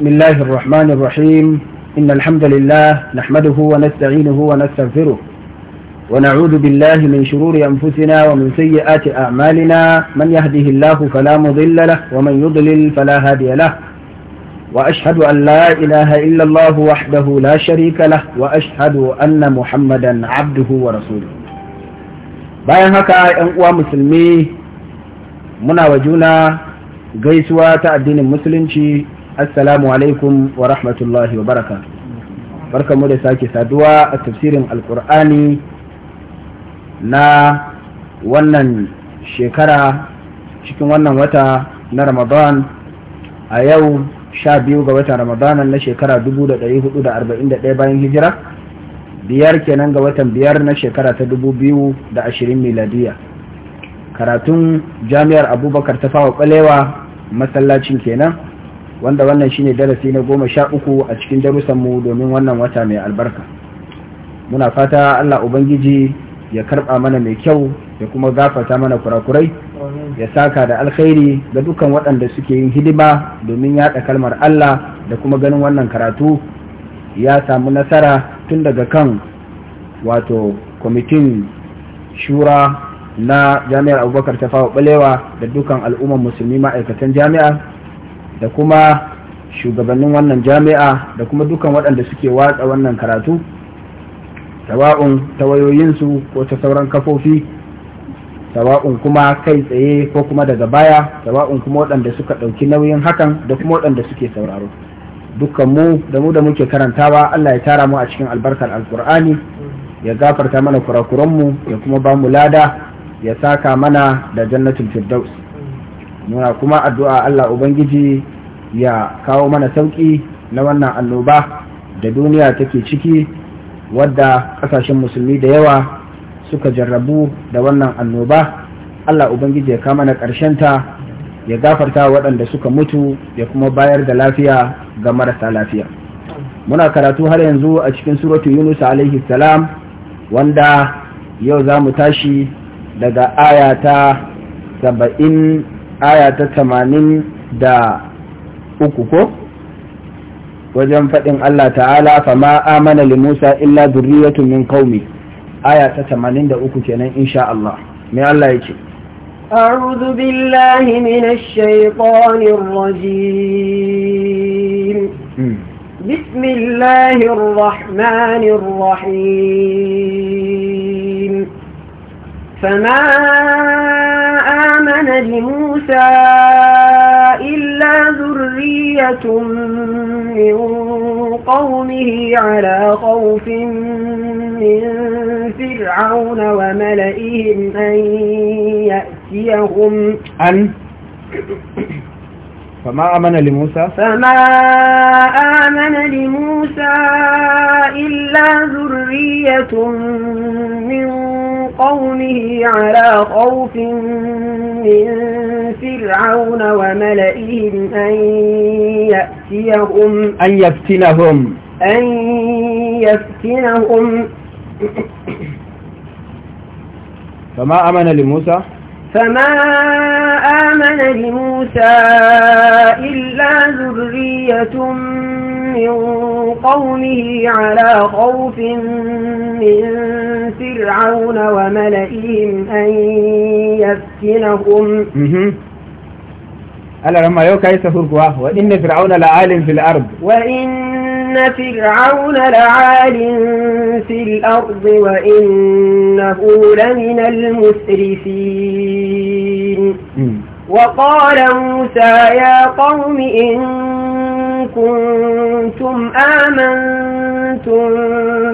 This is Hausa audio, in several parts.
بسم الله الرحمن الرحيم إن الحمد لله نحمده ونستعينه ونستغفره ونعوذ بالله من شرور أنفسنا ومن سيئات أعمالنا من يهده الله فلا مضل له ومن يضلل فلا هادي له وأشهد أن لا إله إلا الله وحده لا شريك له وأشهد أن محمدا عبده ورسوله bayan haka ‘yan uwa musulmi muna wa juna gaisuwa ta addinin musulunci assalamu alaikum wa rahmatullahi wa baraka barka mu da sake saduwa a tafsirin alkur'ani na wannan shekara cikin wannan wata na ramadan a yau sha biyu ga watan Ramadan na shekara 1441 bayan hijira biyar kenan ga watan biyar na shekara ta 2020 miladiya karatun jami'ar abubakar ta fawa kwalewa masallacin kenan wanda wannan shine darasi na goma sha uku a cikin darussanmu domin wannan wata mai albarka muna fata allah ubangiji ya karba mana mai kyau ya kuma gafata mana kurakurai ya saka da alkhairi ga dukkan waɗanda suke yin hidima domin yaɗa kalmar allah da kuma ganin wannan karatu ya samu nasara tun daga kan wato kwamitin shura na jami'ar abubakar ta fawa balewa da dukkan al'ummar musulmi ma'aikatan jami'a da kuma shugabannin wannan jami'a da kuma dukan waɗanda suke watsa wannan karatu tawa'un ta wayoyinsu ko ta sauran kafofi sawa'un kuma kai tsaye ko kuma daga baya sawa'un kuma waɗanda suka ɗauki nauyin hakan da kuma waɗanda suke sauraro dukkan mu da mu da muke karantawa Allah ya tara mu a cikin albarkar alkur'ani ya gafarta mana kurakuranmu ya kuma ba mu lada ya saka mana da jannatul firdaus muna kuma addu'a Allah ubangiji ya kawo mana sauƙi na wannan annoba da duniya take ciki wadda ƙasashen musulmi da yawa suka jarrabu da wannan annoba Allah ubangiji ya kawo mana ta ya gafarta waɗanda suka mutu ya kuma bayar da lafiya ga marasa lafiya muna karatu har yanzu a cikin suratu yunus alaihi salam wanda yau za mu tashi daga aya ta saba'in aya ta tamanin da uku ko wajen faɗin Allah ta'ala fama amana li Musa illa zurriyatun min qaumi aya ta tamanin da uku kenan insha Allah mai Allah yake أعوذ بالله من الشيطان الرجيم بسم الله الرحمن الرحيم فما كان لموسى إلا ذرية من قومه على خوف من فرعون وملئهم أن يأتيهم أن فما آمن لموسى فما آمن لموسى إلا ذرية من قومه على خوف من فرعون وملئهم أن يأتيهم أن يفتنهم أن يفتنهم فما آمن لموسى فما آمن لموسى إلا ذرية من قومه على خوف من فرعون وملئهم أن يفتنهم ألا لما يوكا يسهر قواه وإن فرعون لعالم في الأرض وإن إن فرعون لعال في الأرض وإنه لمن المسرفين وقال موسى يا قوم إن كنتم آمنتم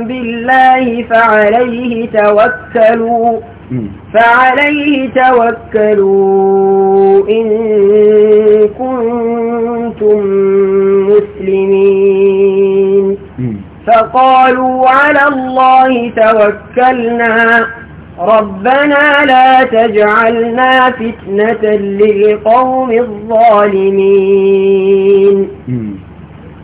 بالله فعليه توكلوا فعليه توكلوا إن كنتم مسلمين فقالوا على الله توكلنا ربنا لا تجعلنا فتنة للقوم الظالمين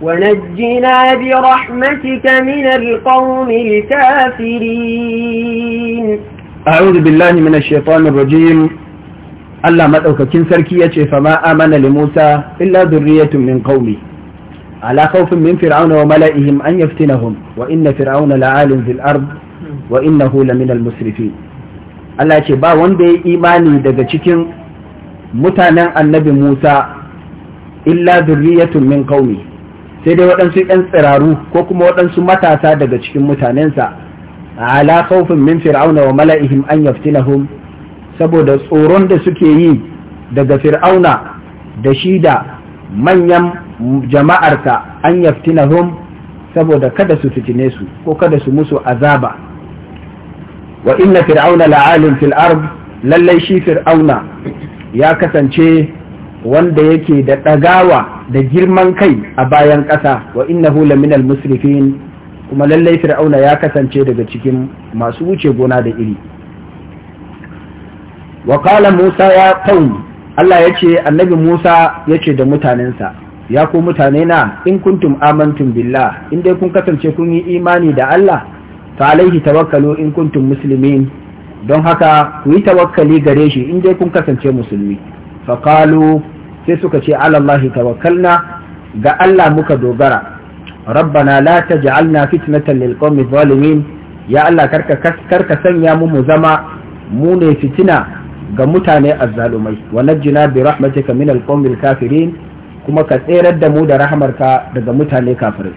ونجنا برحمتك من القوم الكافرين أعوذ بالله من الشيطان الرجيم Allah maɗaukakin sarki ya ce fama amana li Musa illa zurriyatun min qaumi ala khawfin min fir'auna wa mala'ihim an yaftinahum wa inna fir'auna la'alin fil ard wa innahu lamin al Allah ce ba wanda ya yi imani daga cikin mutanen annabi Musa illa zurriyatun min qaumi sai dai waɗansu ɗan tsiraru ko kuma waɗansu matasa daga cikin mutanensa ala khawfin min fir'auna wa mala'ihim an yaftinahum saboda tsoron da suke yi daga fir'auna da shi da manyan jama'arka an yaftinahum saboda kada su fitine su ko kada su musu azaba wa inna fir'auna la'alin fil ard lallai shi fir'auna ya kasance wanda yake da ɗagawa da girman kai a bayan ƙasa wa innahu laminal musrifin kuma lallai fir'auna ya kasance daga cikin masu wuce gona da iri wa qala musa ya qaum Allah ya ce annabi musa ya ce da mutanensa ya ku mutane na in kuntum amantum billah in dai kun kasance kun yi imani da Allah fa alaihi tawakkalu in kuntum musulmi, don haka ku yi tawakkali gare shi in dai kun kasance musulmi fa qalu sai suka ce ala tawakkalna ga Allah muka dogara rabbana la taj'alna fitnatan lil qawmi zalimin ya Allah karka sanya mu mu zama mu ne fitina ga mutane azzalumai wa najjina bi rahmatika min al-qawmi al-kafirin kuma ka tserar da mu da rahamarka daga mutane kafirai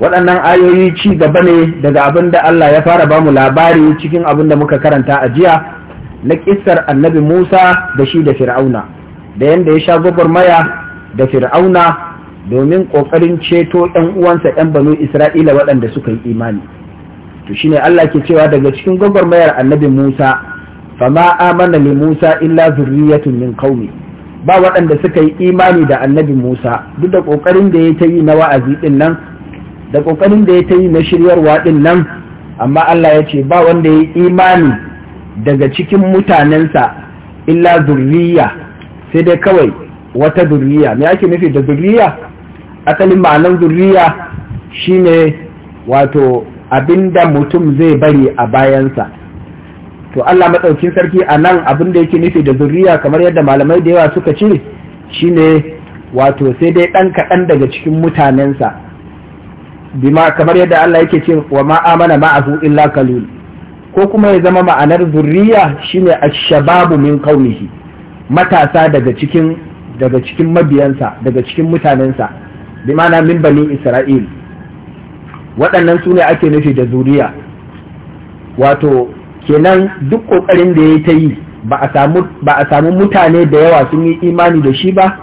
waɗannan ayoyi ci gaba ne daga abin da Allah ya fara bamu labari cikin abin da muka karanta a jiya na kissar annabi Musa da shi da Fir'auna da yanda ya sha Maya da Fir'auna domin ƙoƙarin ceto ɗan uwansa ɗan banu isra'ila waɗanda suka yi imani to shine Allah ke cewa daga cikin gwagwarmayar annabi Musa fama amana li Musa illa zurriyatun min qaumi ba waɗanda suka yi imani da annabi Musa duk da ƙoƙarin da ya ta yi na wa'azi ɗin nan da ƙoƙarin da ya ta yi na shiryarwa ɗin nan amma Allah ya ce ba wanda ya yi imani daga cikin mutanensa illa zurriya sai dai kawai wata zurriya me ake nufi da zurriya asalin ma'anar zurriya shine wato abinda mutum zai bari a bayansa to Allah matsaukin sarki a nan abinda yake nufi da zurriya kamar yadda malamai da yawa suka ce shine wato sai dai ɗan kaɗan daga cikin mutanensa bima kamar yadda Allah yake ce wa ma amana ma'ahu illa kalul ko kuma ya zama ma'anar zurriya shine a shababu min kaunihi matasa daga cikin daga cikin mabiyansa daga cikin mutanensa bi ma'ana min bani isra'il waɗannan su ne ake nufi da zuriya wato kenan duk ƙoƙarin da ya ta yi ba a samu mutane da yawa sun yi imani da shi ba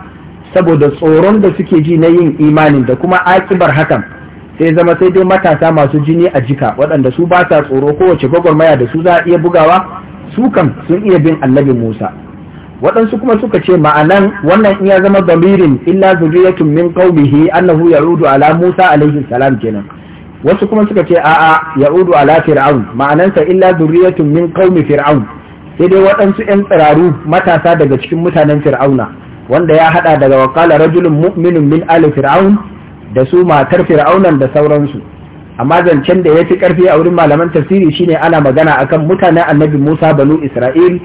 saboda tsoron da suke ji na yin imanin da kuma akibar hakan sai zama sai dai matasa masu jini a jika waɗanda su ba sa tsoro kowace gwagwarmaya da su za a iya bugawa su kan sun iya bin annabin musa waɗansu kuma suka ce ma'anan wannan in ya zama damirin illa zuriyatun min qaumihi annahu ya'udu ala Musa alaihi salam kenan wasu kuma suka ce a'a ya'udu ala fir'aun ma'anansa illa zuriyatun min qaumi fir'aun sai dai waɗansu 'yan tsiraru matasa daga cikin mutanen fir'auna wanda ya haɗa daga wakala rajulun mu'minun min ali fir'aun da su matar fir'aunan da sauransu amma zancen da ya fi ƙarfi a wurin malaman tafsiri shine ana magana akan mutanen annabi Musa banu Isra'il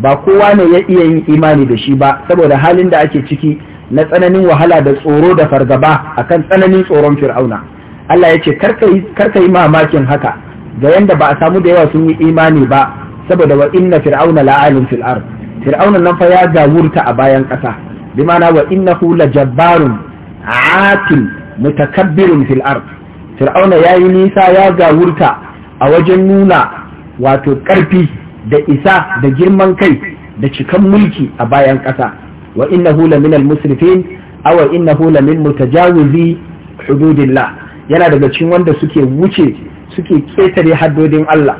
ba kowa ne ya iya yin imani da shi ba saboda halin da ake ciki na tsananin wahala da tsoro da fargaba akan tsananin tsoron fir'auna Allah ya ce karka yi mamakin haka ga yanda ba a samu da yawa sun yi imani ba saboda wa inna fir'auna la'alin fil ard fir'auna nan fa ya gawurta a bayan kasa bi ma'ana wa innahu lajabbarun atin mutakabbirun fil ard fir'auna yayi nisa ya gawurta a wajen nuna wato karfi da isa da girman kai da cikan mulki a bayan ƙasa wa innahu lamin al-musrifin aw innahu lamin mutajawizi hududillah yana daga cikin wanda suke wuce suke ketare haddodin Allah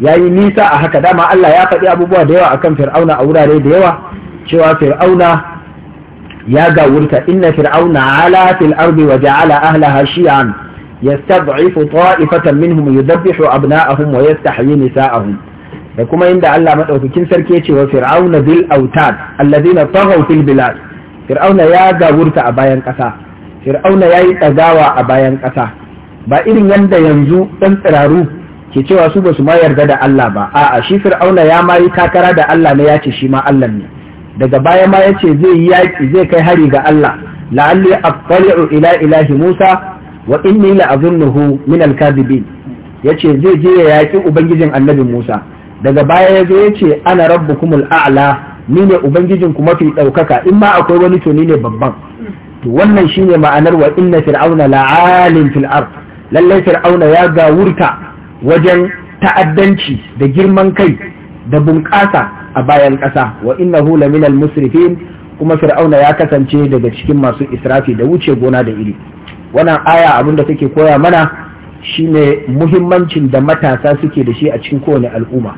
yayi nisa a haka dama Allah ya faɗi abubuwa da yawa akan fir'auna a wurare da yawa cewa fir'auna ya gawurta inna fir'auna ala fil ardi wa ja'ala ahlaha shi'an yastad'ifu ta'ifatan minhum yudabbihu abna'ahum wa yastahyi nisa'ahum da kuma inda Allah madaukakin sarki ya ce wa fir'auna bil autad alladhina taghaw fil bilad fir'auna ya gaburta a bayan kasa fir'auna ya yi ɗagawa a bayan kasa ba irin yanda yanzu dan tsiraru ke cewa su ba su ma yarda da Allah ba a'a shi fir'auna ya mai takara da Allah ne ya ce shi ma Allah ne daga baya ma ya ce zai yi yaki zai kai hari ga Allah la'alli aqtali'u ila ilahi Musa wa inni la'azunnuhu min al-kadhibin yace zai je ya yaki ubangijin annabi Musa daga baya ya zo ya ce ana kumul a'la ni ne ubangijin ku mafi ɗaukaka in ma akwai wani to ni ne babban to wannan shine ma'anar wa inna fir'auna la'alin fil ard lalle fir'auna ya gawurta wajen ta'addanci da girman kai da bunƙasa a bayan ƙasa wa innahu laminal musrifin kuma fir'auna ya kasance daga cikin masu israfi da wuce gona da iri wannan aya abin da take koya mana shine muhimmancin da matasa suke da shi a cikin kowane al'umma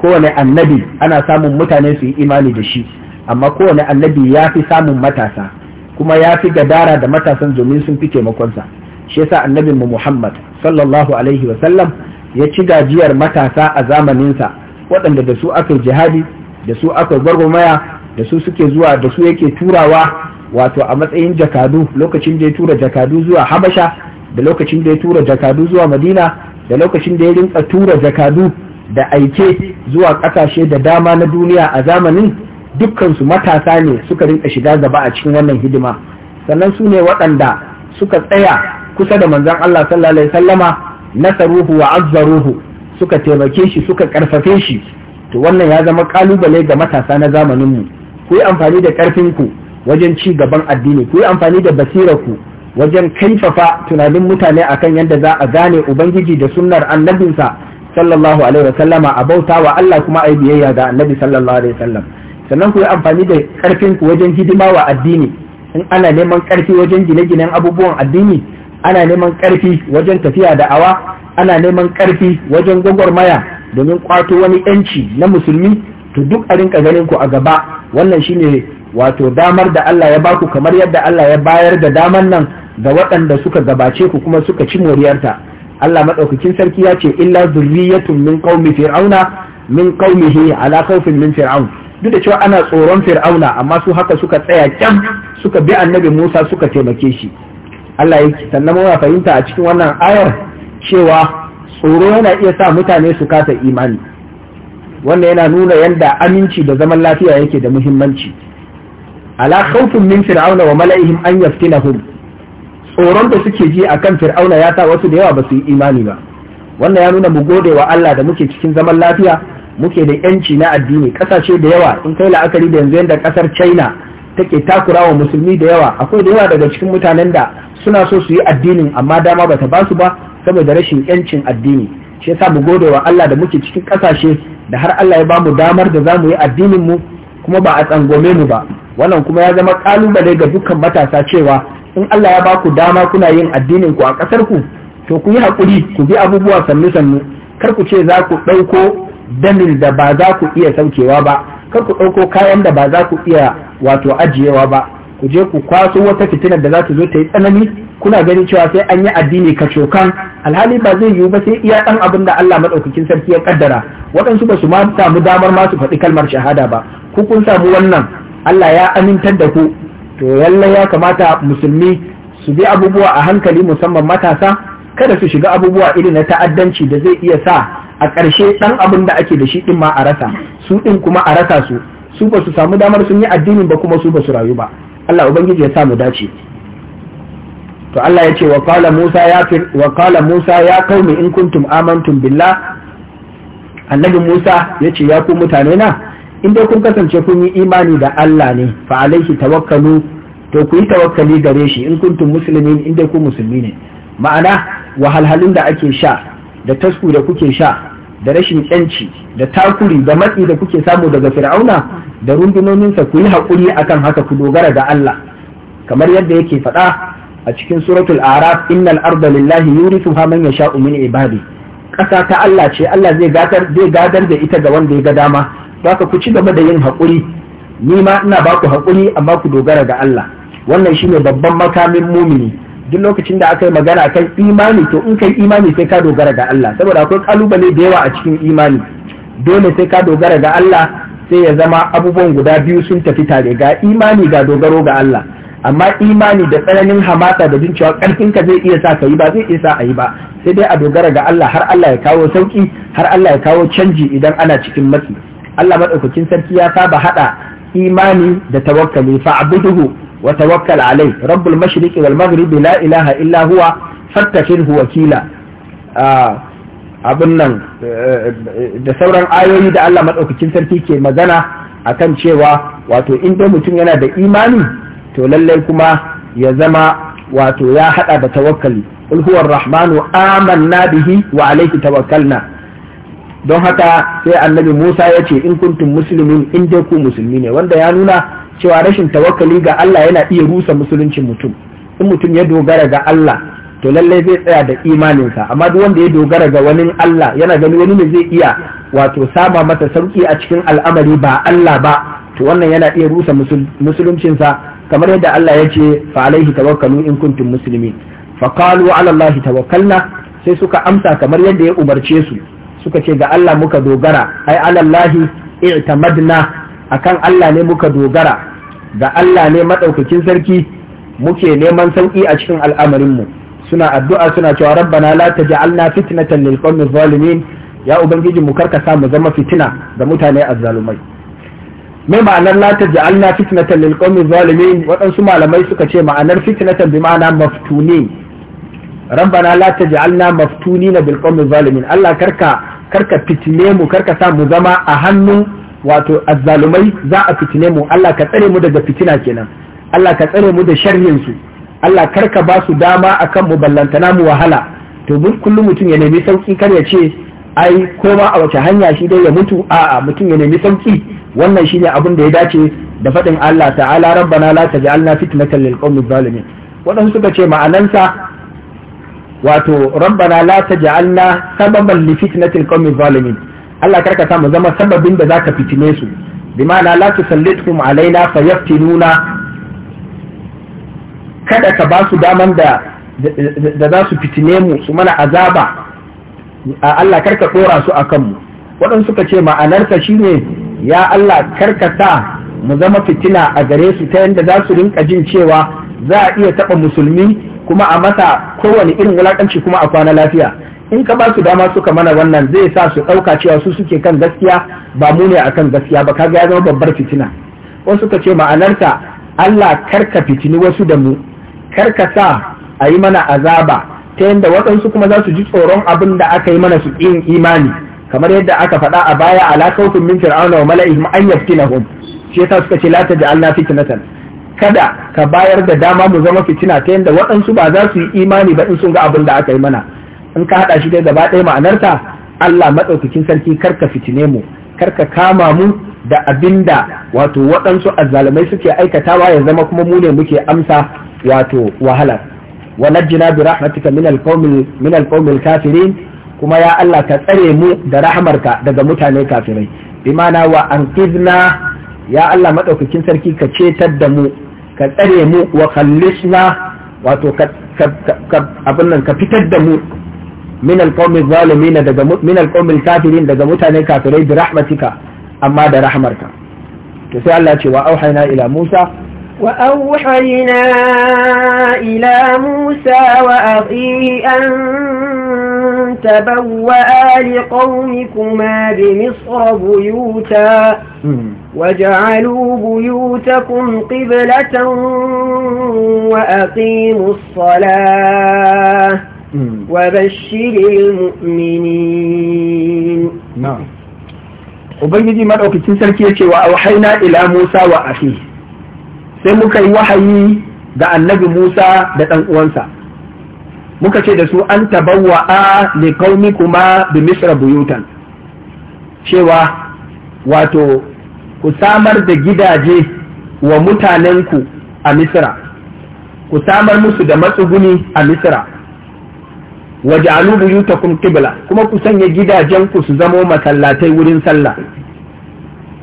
kowane annabi ana samun mutane su yi imani da shi amma kowane annabi ya fi samun matasa kuma ya fi gadara da matasan domin sun fi taimakonsa shi yasa annabin mu Muhammad sallallahu alaihi wa sallam ya ci gajiyar matasa a zamaninsa waɗanda da su aka jihadi da su aka gwargwamaya da su suke zuwa da su yake turawa wato a matsayin jakadu lokacin da ya tura jakadu zuwa Habasha da lokacin da ya tura jakadu zuwa Madina da lokacin da ya rinka tura jakadu da aike zuwa ƙasashe da dama na duniya a zamanin dukkansu matasa ne suka rinka shiga gaba a cikin wannan hidima sannan su ne waɗanda suka tsaya kusa da manzon Allah sallallahu alaihi sallama nasaruhu wa azzaruhu suka taimake shi suka karfafe shi to wannan ya zama kalubale ga matasa na zamanin mu ku yi amfani da ƙarfin ku wajen ci gaban addini ku yi amfani da basira ku wajen kaifafa tunanin mutane akan yadda za a gane ubangiji da sunnar annabinsa sallallahu alaihi wa sallama a bauta wa Allah kuma ai biyayya ga annabi sallallahu alaihi wa sallam sannan ku yi amfani da karfin ku wajen hidima wa addini in ana neman karfi wajen gine-ginen abubuwan addini ana neman karfi wajen tafiya da awa ana neman karfi wajen gwagwarmaya domin kwato wani yanci na musulmi to duk a rinka ganin ku a gaba wannan shine wato damar da Allah ya baku kamar yadda Allah ya bayar da damar nan ga waɗanda suka gabace ku kuma suka ci moriyarta Allah madaukakin sarki ya ce illa zurriyatun min qaumi fir'auna min qaumihi ala khawfin min fir'aun duk da cewa ana tsoron fir'auna amma su haka suka tsaya kyam suka bi annabi Musa suka taimake shi Allah ya sannan muna fahimta a cikin wannan ayar cewa tsoro yana iya sa mutane su kasa imani wannan yana nuna yadda aminci da zaman lafiya yake da muhimmanci ala khawfin min fir'auna wa mala'ihim an yaftinahum tsoron da suke ji a kan fir'auna ya sa wasu da yawa ba su yi imani ba wannan ya nuna mu gode wa Allah da muke cikin zaman lafiya muke da yanci na addini Ƙasashe da yawa in kai la'akari da yanzu yadda kasar China take takura wa musulmi da yawa akwai da yawa daga cikin mutanen da suna so su yi addinin amma dama bata ba su ba saboda rashin yancin addini shi yasa mu gode wa Allah da muke cikin ƙasashe da har Allah ya bamu damar da za mu yi addinin mu kuma ba a tsangome mu ba wannan kuma ya zama ƙalubale ga dukkan matasa cewa in Allah ya ba ku dama kuna yin addinin ku a ƙasar ku to ku yi haƙuri ku bi abubuwa sannu sannu kar ku ce za ku ɗauko damin da ba za ku iya saukewa ba kar ku ɗauko kayan da ba za ku iya wato ajiyewa ba ku je ku kwaso wata fitinar da za ta zo ta yi tsanani kuna ganin cewa sai an yi addini kacokan alhali ba zai yiwu ba sai iya ɗan abin da Allah maɗaukakin sarki ya kaddara waɗansu ba su ma samu damar ma su faɗi kalmar shahada ba ku kun samu wannan Allah ya amintar da ku to lallai ya kamata musulmi su bi abubuwa a hankali musamman matasa kada su shiga abubuwa irin na ta'addanci da zai iya sa a ƙarshe ɗan abin da ake da shi ɗin ma a rasa su ɗin kuma a rasa su su ba su samu damar sun yi addinin ba kuma su ba su rayu ba Allah ubangiji ya sa mu dace to Allah ya ce wa qala Musa ya wa qala Musa ya kaumi in kuntum amantum billah annabi Musa ya ce ya ku mutane na in dai kun kasance kun yi imani da Allah ne fa alaihi tawakkalu to ku yi tawakkali gare shi in kuntum muslimin in dai ku musulmi ne ma'ana wahalhalun da ake sha da tasku da kuke sha da rashin kyanci da takuri da matsi da kuke samu daga fir'auna da rundunoninsa ku yi haƙuri akan haka ku dogara da Allah kamar yadda yake faɗa a cikin suratul araf innal arda lillahi yurithuha man yasha'u min ibadi ƙasa ta Allah ce Allah zai gadar zai gadar da ita ga wanda ya ga dama haka ku ci gaba da yin haƙuri ni ma ina ba ku haƙuri amma ku dogara ga Allah wannan shine babban makamin mumini duk lokacin da aka yi magana kan imani to in kai imani sai ka dogara ga Allah saboda akwai kalubale da yawa a cikin imani dole sai ka dogara ga Allah sai ya zama abubuwan guda biyu sun tafi tare ga imani ga dogaro ga Allah amma imani da tsananin hamata da jin cewa ka zai iya sa ka yi ba zai iya sa a yi ba sai dai a dogara ga Allah har Allah ya kawo sauki har Allah ya kawo canji idan ana cikin matsi Allah maɗaukacin sarki ya saba haɗa imani da tawakkali fa'buduhu wa tawakkal alai rabbul mashriqi wal maghribi la ilaha illa huwa wakila ah, abin nan eh, da sauran ayoyi da Allah maɗaukacin sarki ke magana akan cewa wato in mutum yana da imani to lallai kuma ya zama wato ya haɗa da tawakkali qul huwa rahmanu amanna bihi wa alayhi tawakkalna don haka sai annabi Musa ya ce in kuntum muslimin in dai ku musulmi ne wanda ya nuna cewa rashin tawakkali ga Allah yana iya rusa musuluncin mutum in mutum ya dogara ga Allah to lallai zai tsaya da imaninsa amma duk wanda ya dogara ga wani Allah yana gani wani ne zai iya wato saba masa sauki a cikin al'amari ba Allah ba to wannan yana iya rusa musuluncinsa kamar yadda Allah ya ce fa alaihi tawakkalu in kuntum muslimin fa qalu ala allahi tawakkalna sai suka amsa kamar yadda ya umarce su suka ce ga Allah muka dogara ai alallahi i'tamadna akan Allah ne muka dogara ga Allah ne madaukakin sarki muke neman sauki a cikin al'amarin mu suna addu'a suna cewa rabbana la taj'alna fitnatan lil qawmi zalimin ya ubangiji mu karka sa mu zama fitina ga mutane azzalumai me ma'anar la taj'alna fitnatan lil qawmi zalimin waɗansu malamai suka ce ma'anar fitnatan bi ma'ana maftunin rabbana la taj'alna maftunina bil qawmi zalimin Allah karka karka fitine mu karka sa mu zama a hannun wato azzalumai za a fitine mu Allah ka tsare mu daga fitina kenan Allah ka tsare mu da sharhin su Allah karka ba su dama akan mu ballantana mu wahala to kullum mutum ya nemi sauki kar ya ce ai koma a wace hanya shi dai ya mutu a mutum ya nemi sauki wannan shine abin da ya dace da faɗin Allah ta'ala rabbana la taj'alna fitnatan lil qawmi zalimin wannan suka ce ma'anansa wato rabbana la taj'alna sababan li fitnatil qawmi zalimin Allah karka sa mu zama sababin da zaka fitine su bimana la tusallituhum alaina fayaftinuna kada ka ba su daman da da za su fitine mu su mana azaba a Allah karka dora su akan mu waɗansu suka ce ma'anar ma'anarka shine ya Allah karka sa mu zama fitina a gare su ta yadda za su rinka jin cewa za a iya taɓa musulmi kuma a masa kowane irin wulakanci kuma a kwana lafiya in ka ba su dama suka mana wannan zai sa su ɗauka cewa su suke kan gaskiya ba mu ne akan gaskiya ba kaga ya zama babbar fitina wasu suka ce ma'anarta Allah karka fitini wasu da mu karka sa a yi mana azaba ta yadda waɗansu kuma za su ji tsoron abin da aka yi mana su yin imani kamar yadda aka faɗa a baya ala khawfin min fir'auna wa mala'ihim an yaftinahum shi yasa suka ce la Allah fitnatan kada ka bayar da dama mu zama fitina ta yadda waɗansu ba za su yi imani ba in sun ga abin da aka yi mana in ka haɗa shi dai gaba ɗaya ma'anarta Allah maɗaukakin sarki karka fitine mu karka kama mu da abin da wato waɗansu azzalumai suke aikatawa ya zama kuma mu ne muke amsa wato wahala wanajjina bi rahmatika min alqawmil min alqawmil kafirin kuma ya Allah ka tsare mu da rahmarka daga mutane kafirai bimana wa anqidna ya Allah madaukakin sarki ka cetar da mu ka tsare mu wa kallisna wato abin nan ka fitar da mu min alqawmi zalimin daga min alqawmi kafirin daga mutane kafirai bi rahmatika amma da rahmarka to sai Allah ce wa auhayna ila Musa wa auhayna ila Musa wa akhihi an tabawwa li qaumikuma bi misr buyuta وجعلوا بيوتكم قبلة وأقيموا الصلاة وبشر المؤمنين نعم ubangiji maɗaukacin sarki yace wa auhayna ila Musa wa akhi sai muka yi wahayi ga annabi Musa da dan uwansa muka ce da su an tabawwa'a li qaumikuma kuma misra buyutan cewa wato ku samar da gidaje wa mutanenku a misra ku samar musu da matsuguni a misra waje buyutakum qibla kuma ku sanya gidajenku su zamo masallatai wurin sallah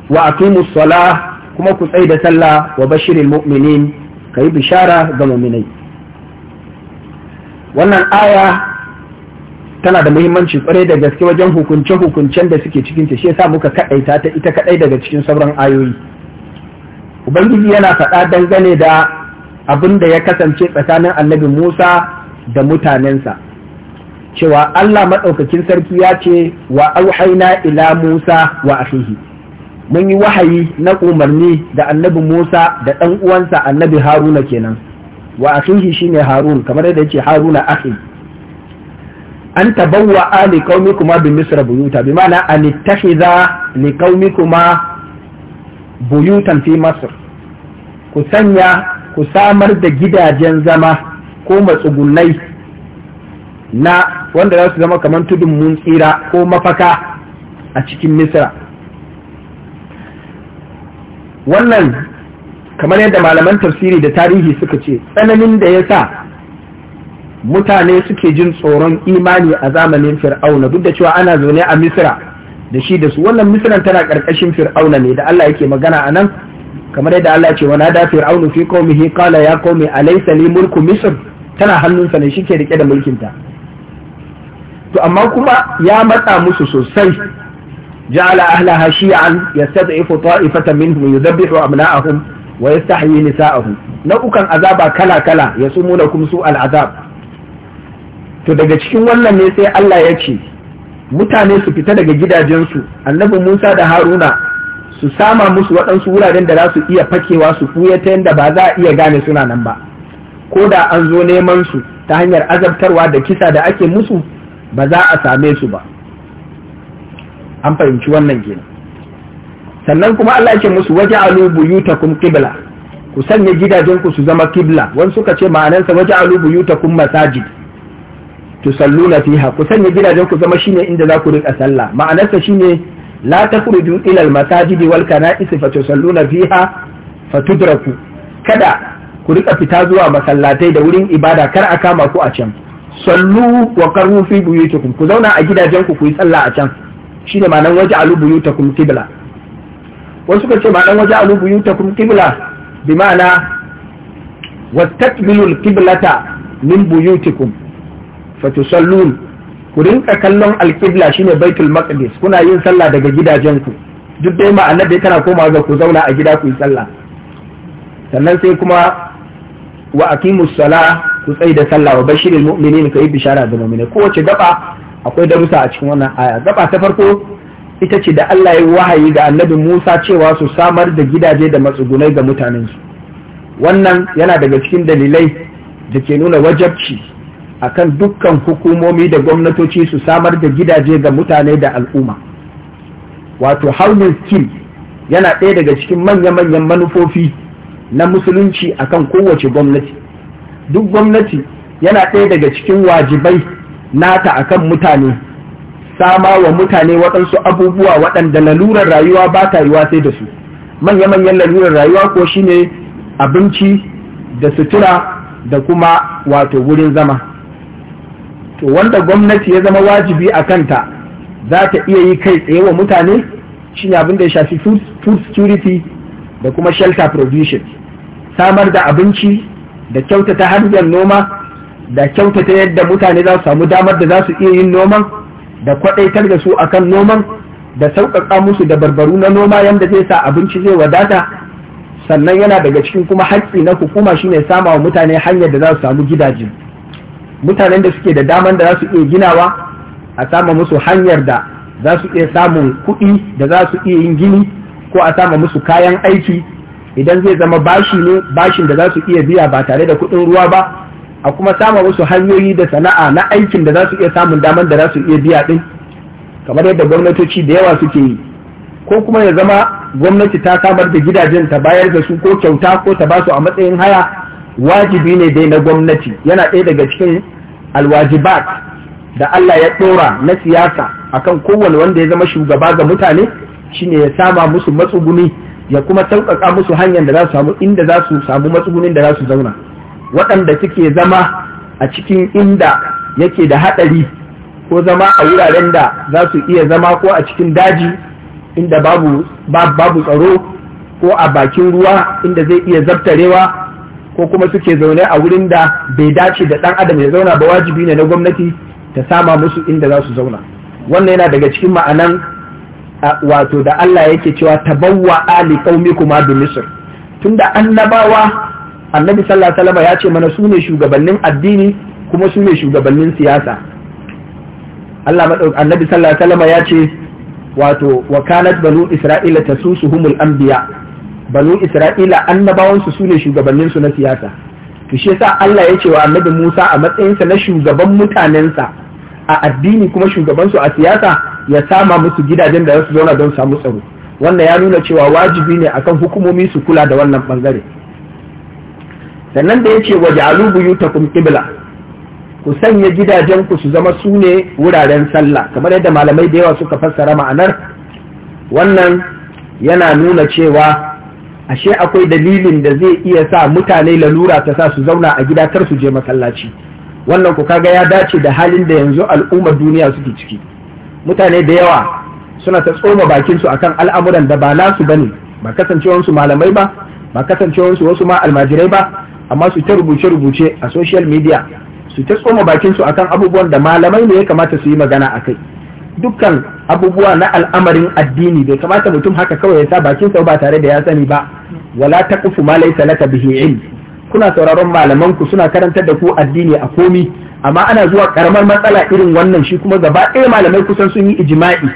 wa aqimu salah kuma ku tsaida da sallah wa bashiril mu'minin kai bishara ga mu'minai wannan aya tana da muhimmanci kwarai da gaske wajen hukunce-hukuncen da suke cikin ta shi yasa muka kaɗaita ta ita kaɗai daga cikin sauran ayoyi ubangiji yana faɗa dangane da abin da ya kasance tsakanin annabi musa da mutanensa cewa allah maɗaukakin sarki ya ce wa auhaina ila musa wa ahihi mun yi wahayi na umarni da annabi musa da ɗan uwansa annabi haruna kenan wa shi shine harun kamar yadda ya ce haruna akhi an tabawa a kaumi kuma bin misra buyuta bi ma'ana an ne kaumi kuma buyutan fi masar ku sanya ku samar da gidajen zama ko matsugunai na wanda za su zama kamar tudun mun tsira ko mafaka a cikin misra wannan kamar yadda malaman tafsiri da tarihi suka ce tsananin da ya sa mutane suke jin tsoron imani a zamanin fir'auna duk da cewa ana zaune a Misira da shi da su wannan misran tana karkashin fir'auna ne da Allah yake magana anan kamar yadda Allah ce wana da fir'aunu fi qaumihi qala ya qaumi alaysa li mulku misr tana hannunsa ne shike rike da mulkin ta to amma kuma ya matsa musu sosai ja'ala ahlaha shi'an yastad'ifu ta'ifatan minhum yudabbihu abna'ahum wa yastahyi nisa'ahum nau'ukan azaba kala kala kum su'al azab to daga cikin wannan ne sai Allah ya ce mutane su fita daga gidajensu annabi Musa da Haruna su sama musu waɗansu wuraren da za su iya fakewa su fuye ta yadda ba za a iya gane suna nan ba ko da an zo neman su ta hanyar azabtarwa da kisa da ake musu ba za a same su ba an fahimci wannan kenan sannan kuma Allah ya ce musu waje alu buyutakum qibla ku sanya gidajenku su zama qibla wani suka ce ma'anarsa waje alu buyutakum masajid tusalluna fiha ku sanya gidajen ku zama shine inda za ku rika sallah ma'anarsa shine la takhruju ila al-masajidi wal kana'is fa tusalluna fiha fa fatudraku kada ku rika fita zuwa masallatai da wurin ibada kar a kama ku a can sallu wa qarru fi buyutikum ku zauna a gidajen ku ku yi sallah a can shine ma'anar alu buyutakum qibla wasu ka ce ma'anar alu buyutakum qibla bi ma'ana wa tatbilu al-qiblata min buyutikum fatusallun ku rinka kallon alqibla shine baitul maqdis kuna yin sallah daga gidajenku duk dai ma annabi tana koma ga ku zauna a gida ku yi sallah sannan sai kuma wa aqimus sala ku tsayi da sallah wa bashiril mu'minin ka yi bishara ga mu'mini kowace gaba akwai darusa a cikin wannan aya gaba ta farko ita ce da Allah ya wahayi ga annabi Musa cewa su samar da gidaje da matsugunai ga mutanen su wannan yana daga cikin dalilai da ke nuna wajabci akan dukkan hukumomi da gwamnatoci su samar da gidaje ga mutane da al'umma wato haunin scheme yana ɗaya daga cikin manya-manyan manufofi na musulunci akan kowace gwamnati duk gwamnati yana ɗaya daga cikin wajibai nata akan mutane sama wa mutane waɗansu abubuwa waɗanda lalurar rayuwa ba ta yiwa sai da su manya-manyan lalurar rayuwa ko shine abinci da sutura da kuma wato wurin zama to wanda gwamnati ya zama wajibi a kanta za ta iya yi kai tsaye wa mutane shine abin da ya shafi food security da kuma shelter provision samar da abinci da kyautata hanyar noma da kyautata yadda mutane za su samu damar da za su iya yin noman da kwaɗaitar da su akan noman da sauƙaƙa musu da barbaru na noma yadda zai sa abinci zai wadata sannan yana daga cikin kuma haƙƙi na hukuma shine sama wa mutane hanyar da za su samu gidaje mutanen da suke da daman da za su iya ginawa a sama musu hanyar da za su iya samun kuɗi da za su iya yin gini ko a sama musu kayan aiki idan zai zama bashi ne bashin da za su iya biya ba tare da kuɗin ruwa ba a kuma sama musu hanyoyi da sana'a na aikin da za su iya samun daman da za su iya biya ɗin kamar yadda gwamnatoci da yawa suke yi ko kuma ya zama gwamnati ta samar da gidajen ta bayar da su ko kyauta ko ta basu a matsayin haya wajibi ne dai na gwamnati yana ɗaya daga cikin alwajibat da Allah ya ɗora na siyasa akan kowane wanda ya zama shugaba ga mutane shine ya sama musu matsuguni ya kuma sauƙaƙa musu hanyar da za su samu inda za su samu matsugunin da za su zauna waɗanda suke zama a cikin inda yake da haɗari ko zama a wuraren da za su iya zama ko a cikin daji inda babu tsaro ko a bakin ruwa inda zai iya zabtarewa ko kuma suke zaune a wurin da bai dace da ɗan adam ya zauna ba wajibi ne na gwamnati ta sama musu inda za su zauna wannan yana daga cikin ma'anan wato da Allah yake cewa tabawwa ali qaumi kuma bi misr tunda annabawa annabi sallallahu alaihi wasallam ya ce mana su ne shugabannin addini kuma su ne shugabannin siyasa Allah annabi sallallahu alaihi wasallam ya ce wato wa kanat banu isra'ila tasusuhumul anbiya banu isra'ila annabawansu su ne shugabanninsu na siyasa to shi yasa Allah ya ce wa annabi Musa a matsayinsa na shugaban mutanensa a addini kuma shugabansu a siyasa ya sama musu gidajen da su zauna don samu tsaro wannan ya nuna cewa wajibi ne akan hukumomi su kula da wannan bangare sannan da ya ce wa ja'alu buyutakum qibla ku sanya gidajen ku su zama su ne wuraren sallah kamar yadda malamai da yawa suka fassara ma'anar wannan yana nuna cewa ashe akwai dalilin da zai iya sa mutane lalura ta sa su zauna a gida kar su je masallaci wannan ku kaga ya dace da halin da yanzu al'ummar duniya suke ciki mutane da yawa suna ta tsoma bakin su akan al'amuran da ba nasu bane ba kasancewar su malamai ba ba kasancewar su wasu ma almajirai ba amma su ta rubuce rubuce a social media su ta tsoma bakin su akan abubuwan da malamai ne ya kamata su yi magana akai dukkan abubuwa na al'amarin addini bai kamata mutum haka kawai ya sa bakin sau ba tare da ya sani ba wala ta kufu ma laisa laka bihi ilm kuna sauraron malaman ku suna karantar da ku addini a komi amma ana zuwa karamar matsala irin wannan shi kuma gaba ɗaya malamai kusan sun yi ijma'i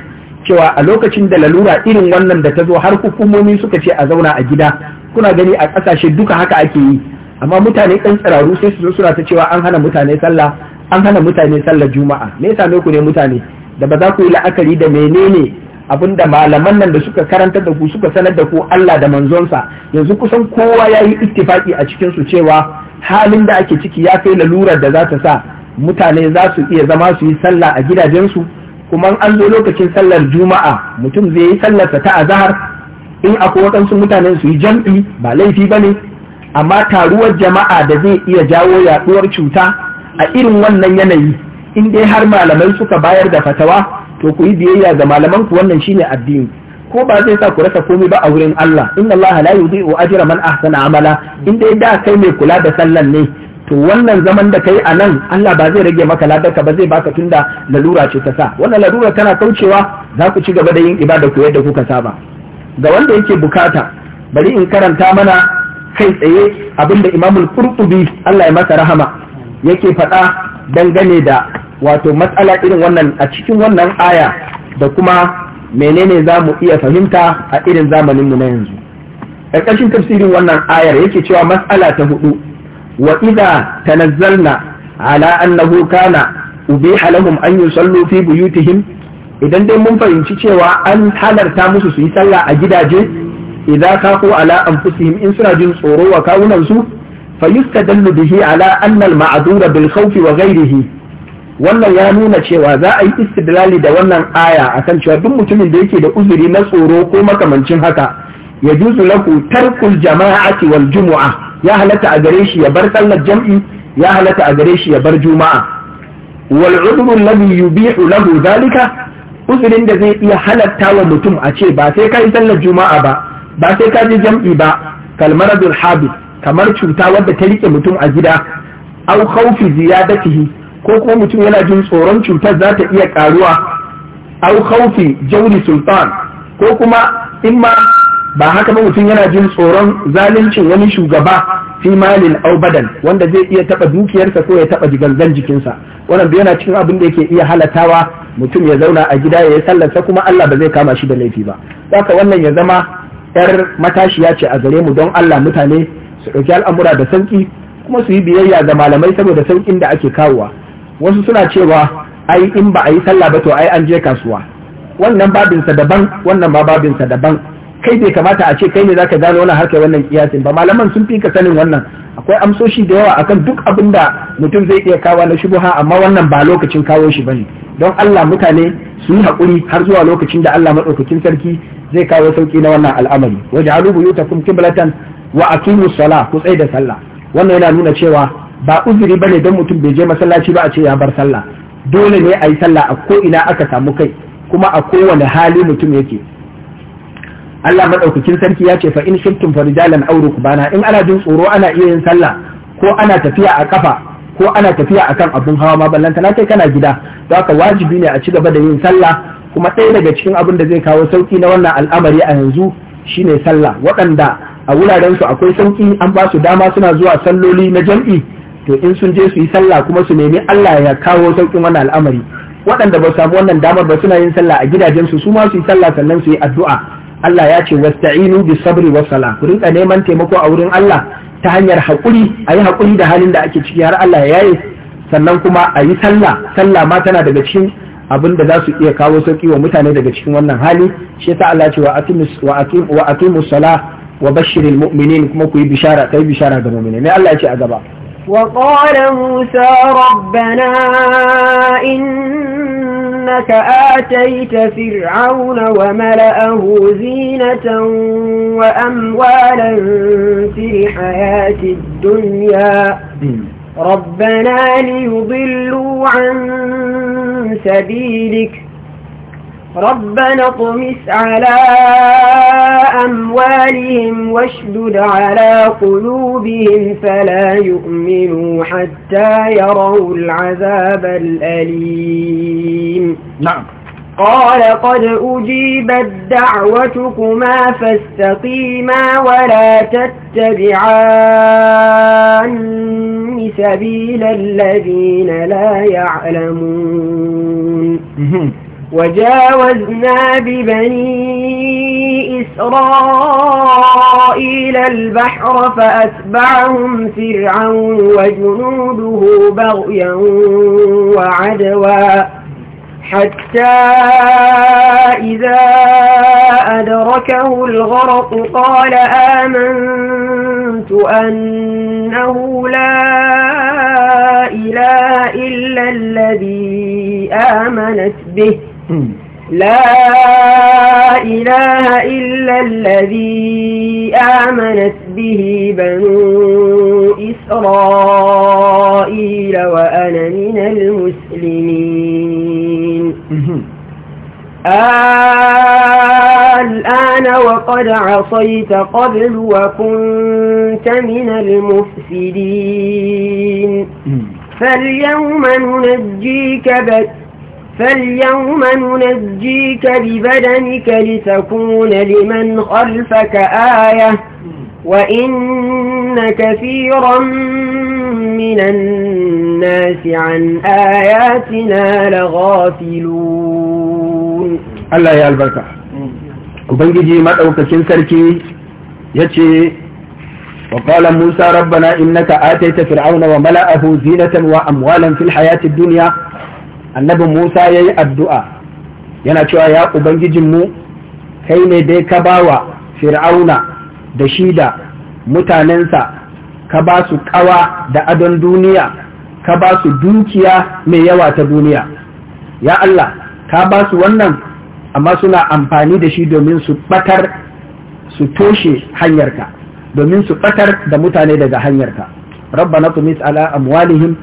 cewa a lokacin da lalura irin wannan da ta zo har hukumomi suka ce a zauna a gida kuna gani a ƙasashe duka haka ake yi amma mutane ɗan tsiraru sai su zo suna ta cewa an hana mutane sallah an hana mutane sallah juma'a me yasa me ku ne mutane da ba za ku yi la'akari da menene abin da malaman nan da suka karanta da ku suka sanar da ku Allah da manzonsa yanzu kusan kowa ya yi ittifaki a cikin su cewa halin da ake ciki ya kai lalurar da za ta sa mutane za su iya zama su yi sallah a gidajensu kuma an zo lokacin sallar juma'a mutum zai yi sallarsa ta azahar in akwai waɗansu mutane su yi jam'i ba laifi ba ne amma taruwar jama'a da zai iya jawo yaɗuwar cuta a irin wannan yanayi in dai har malamai suka bayar da fatawa to ku yi biyayya ga malaman ku wannan shine addini ko ba zai sa ku rasa komai ba a wurin Allah inna Allah la yudhi'u ajra man ahsana amala in dai da kai mai kula da sallan ne to wannan zaman da kai a nan Allah ba zai rage maka ladarka ba zai baka tunda lalura ce ta sa wannan lalura tana kaucewa za ku ci gaba da yin ibada ku yadda kuka saba ga wanda yake bukata bari in karanta mana kai tsaye abinda Imam qurtubi Allah ya masa rahama yake faɗa dangane da wato matsala irin wannan a cikin wannan aya da kuma menene za mu iya fahimta a irin zamaninmu na yanzu ƙarƙashin tafsirin wannan ayar yake cewa matsala ta hudu wa idza tanazzalna ala annahu kana ubiha lahum an yusallu fi buyutihim idan dai mun fahimci cewa an halarta musu su yi sallah a gidaje idza kafu ala anfusihim in suna jin tsoro wa kawunan su فيستدل به على أن المعذور بالخوف وغيره wannan ya nuna cewa za a yi istidlali da wannan aya akan cewa duk mutumin da yake da uzuri na tsoro ko makamancin haka ya juzu lahu tarkul jama'ati wal jumu'a ya halatta a gare shi ya bar sallar jam'i ya halatta a gare shi ya bar juma'a wal udhru alladhi yubihu lahu dhalika uzurin da zai iya halatta wa mutum a ce ba sai ka yi sallar juma'a ba ba sai ka je jam'i ba kalmaradul habis kamar cuta wadda ta rike mutum a gida au khawfi ziyadatihi ko kuma mutum yana jin tsoron cutar za ta iya karuwa au khawfi jawli sultan ko kuma in ma ba haka ba mutum yana jin tsoron zaluncin wani shugaba fi malin au badan wanda zai iya taba dukiyarsa ko ya taba jiganzan jikinsa wannan da yana cikin abin da yake iya halatawa mutum ya zauna a gida ya yi sallarsa kuma Allah ba zai kama shi da laifi ba haka wannan ya zama yar matashiya ce a gare mu don Allah mutane su ɗauki al'amura da sauƙi kuma su yi biyayya ga malamai saboda sauƙin da ake kawowa wasu suna cewa ai in ba a yi sallah ba to ai an je kasuwa wannan babinsa daban wannan ba babinsa daban kai bai kamata a ce kai ne zaka gano wannan harkar wannan kiyasin ba malaman sun fi ka sanin wannan akwai amsoshi da yawa akan duk abin da mutum zai iya kawo na shubuha amma wannan ba lokacin kawo shi ne. don Allah mutane su yi haƙuri har zuwa lokacin da Allah madaukakin sarki zai kawo sauƙi na wannan al'amari yuta kum qiblatan wa aqimu sala ku da sallah wannan yana nuna cewa ba uzuri bane don mutum bai je masallaci ba a ce ya bar sallah dole ne a yi sallah a ko ina aka samu kai kuma a kowane hali mutum yake Allah madaukakin sarki ya ce fa in shiftum farijalan aw bana in ana jin tsoro ana iya yin sallah ko ana tafiya a kafa ko ana tafiya akan abun hawa ma ballanta na kai kana gida don haka wajibi ne a ci gaba da yin sallah kuma ɗaya daga cikin abin da zai kawo sauki na wannan al'amari a yanzu shine sallah waɗanda a wurarensu akwai sauki an ba su dama suna zuwa salloli na jam'i to in sun je su yi sallah kuma su nemi Allah ya kawo saukin wannan al'amari waɗanda ba samu wannan damar ba suna yin sallah a gidajensu? su su ma su yi sallah sannan su yi addu'a Allah ya ce wasta'inu bis sabri was sala ku rinka neman taimako a wurin Allah ta hanyar haƙuri a yi haƙuri da halin da ake ciki har Allah ya yaye sannan kuma a yi sallah sallah ma tana daga cikin abin da za su iya kawo sauki wa mutane daga cikin wannan hali shi yasa Allah ce wa atimus wa atimus sala وبشر المؤمنين كما بشارة كي بشارة المؤمنين الله يجي أقبع وقال موسى ربنا إنك آتيت فرعون وملأه زينة وأموالا في الحياة الدنيا ربنا ليضلوا عن سبيلك ربنا اطمس على أموالهم واشدد على قلوبهم فلا يؤمنوا حتى يروا العذاب الأليم نعم قال قد أجيبت دعوتكما فاستقيما ولا تتبعان سبيل الذين لا يعلمون وجاوزنا ببني إسرائيل البحر فأتبعهم فرعون وجنوده بغيا وعدوا حتى إذا أدركه الغرق قال آمنت أنه لا إله إلا الذي آمنت به لا إله إلا الذي آمنت به بنو إسرائيل وأنا من المسلمين الآن وقد عصيت قبل وكنت من المفسدين فاليوم ننجيك بك فاليوم ننجيك ببدنك لتكون لمن خلفك آية وإن كثيرا من الناس عن آياتنا لغافلون الله يا البركة وبنجي ما أوكسين سركي يتشي وقال موسى ربنا إنك آتيت فرعون وملأه زينة وأموالا في الحياة الدنيا Annabin Musa ya yi addu'a yana cewa ya Ubangijinmu kai ne dai ka ba wa fir'auna da shi da mutanensa ka ba su ƙawa da adon duniya ka ba su dukiya mai yawa ta duniya ya Allah ka ba su wannan amma suna amfani da shi domin su batar su toshe hanyarka domin su ɓatar da mutane daga hanyarka rabbana kumis ala amwalihim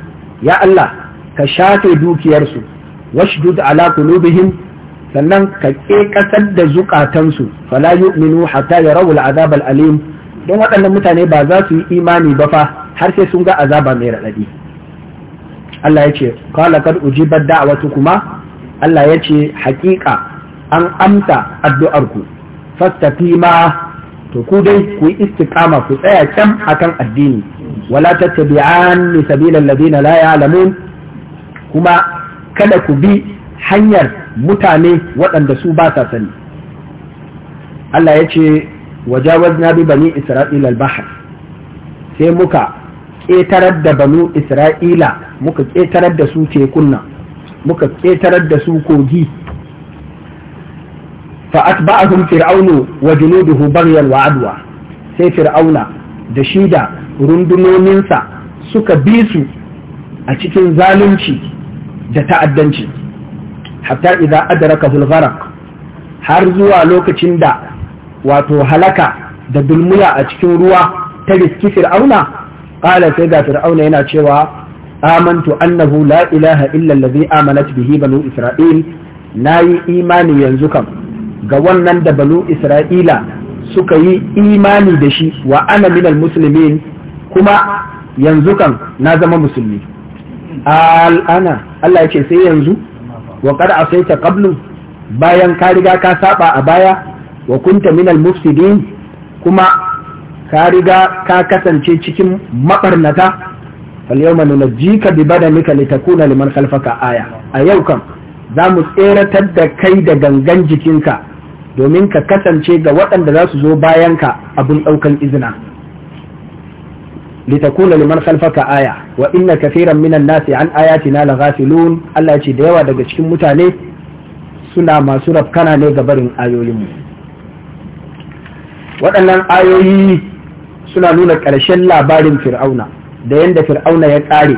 ya Allah ka shafe dukiyarsu washdud ala qulubihim sannan ka kasar da zukatansu fala yu'minu hatta yarawul azab al-alim don waɗannan mutane ba za su yi imani ba fa har sai sun ga azaba mai raɗaɗi Allah ya ce qala kad ujibat da'watukuma Allah ya ce haƙiƙa an amsa addu'arku fastaqima to ku dai ku yi istiqama ku tsaya can akan addini wala tattabi'an sabila sabilil la ya'lamun kuma kada ku bi hanyar mutane waɗanda su ba sa sani Allah ya ce wajawaz na bi bani isra'ila al-bahar sai muka ƙetarar da banu isra'ila muka ƙetarar da su tekun nan muka ƙetarar da su kogi wa فرعون وجنوده بغيا وعدوى sai fir'auna da shi da rundunoninsa suka bi su a cikin zalunci da ta'addanci hatta idza adraka gharaq har zuwa lokacin da wato halaka da dulmuya a cikin ruwa ta riski fir'auna qala sai ga fir'auna yana cewa amantu annahu la ilaha illa allazi amanat bihi banu isra'il nayi imani yanzu kam ga wannan da banu isra'ila suka yi imani da shi wa ana minal muslimin kuma yanzu kan na zama musulmi al'ana Allah yake sai yanzu wa sai asaita ƙablu bayan ka riga ka saba a baya wa kunta minal mufsidin kuma ka riga ka kasance cikin mabarnata fal yawma nunajjika bi badanika litakuna liman khalfaka aya a yau kan za mu tseratar da kai da gangan jikinka domin ka kasance ga waɗanda za su zo bayanka abin ɗaukan izina litakuna liman khalfaka aya wa inna kaseeran minan nasi an ayatina laghafilun Allah ya ce da yawa daga cikin mutane suna masu rafkana ne ga barin ayoyinmu waɗannan ayoyi suna nuna ƙarshen labarin fir'auna da yadda fir'auna ya ƙare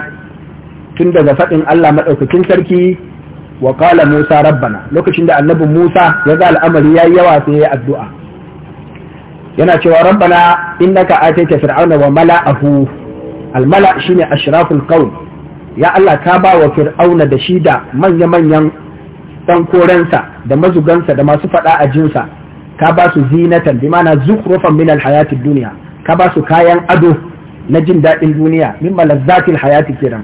tun daga faɗin Allah maɗaukakin sarki wa Musa rabbana lokacin da annabi Musa ya ga al'amari yayi yawa sai ya addu'a yana cewa rabbana innaka ataita fir'auna wa mala'ahu al-mala shine ashraful qaum ya Allah ka ba wa fir'auna da shi da manya-manyan dan korensa da mazugansa da masu fada a jinsa ka ba su zinatan bi mana zukhrufan min al-hayati dunya ka ba su kayan ado na jin daɗin duniya min malazzatil hayati kiran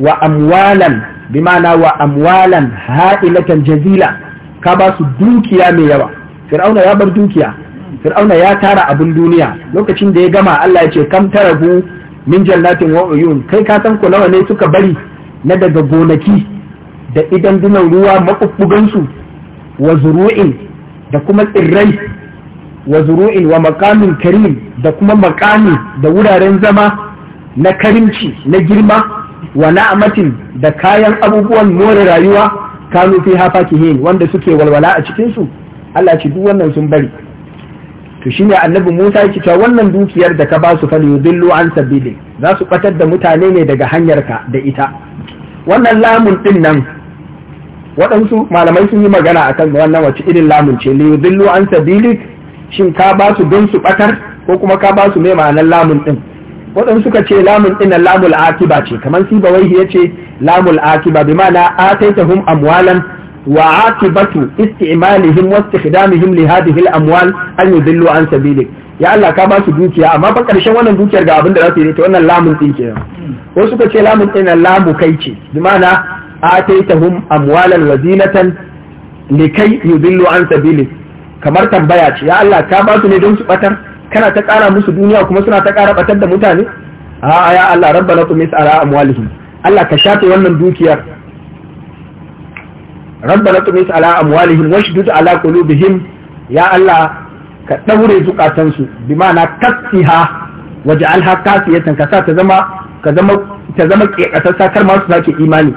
wa amwalan bi mana wa amwalan ha'ilatan jazila ka ba su dukiya mai yawa fir'auna ya bar dukiya fir'auna ya tara abin duniya lokacin da ya gama Allah ya ce kam tarabu min jannatin wa uyun kai ka san nawa ne suka bari na daga gonaki da idan dunan ruwa makubbugan su wa zuru'in da kuma tsirrai wa zuru'in wa maqamin karim da kuma maqami da wuraren zama na karimci na girma wa na'amatin da kayan abubuwan more rayuwa kanu fi hafakihin wanda suke walwala a cikin su Allah ci duk wannan sun bari to shine annabi Musa yake cewa wannan dukiyar da ka ba su fali yudillu an sabili za su batar da mutane ne daga hanyar ka da ita wannan lamun din nan waɗansu malamai sun yi magana akan wannan wace irin lamun ce li yudillu an sabili shin ka ba su don su batar ko kuma ka ba su mai ma'anar lamun din waɗansu suka ce lamun din lamul akiba ce kamar ya yace lamul akiba bi ma'ana ataitahum amwalan wa akibatu isti'malihim wa istikhdamihim li hadhihi al-amwal an yudillu an sabilik ya Allah ka ba su dukiya amma ba karshen wannan dukiyar ga abin da za su yi ta wannan lamun din kenan wasu suka ce lamun din nan lamu kai ce bi ma'ana ataitahum amwalan wazinatan likai yudillu an sabilik kamar tambaya ce ya Allah ka ba su ne don su batar kana ta kara musu duniya kuma suna ta kara batar da mutane a ya Allah rabbana tumis ala amwalihim Allah ka shafe wannan dukiyar rabbana tumis ala amwalihim washdud ala qulubihim ya Allah ka daure zukatan su bi ma'ana kasiha waj'alha kasiyatan ka ta zama ka zama ta kar ma sake imani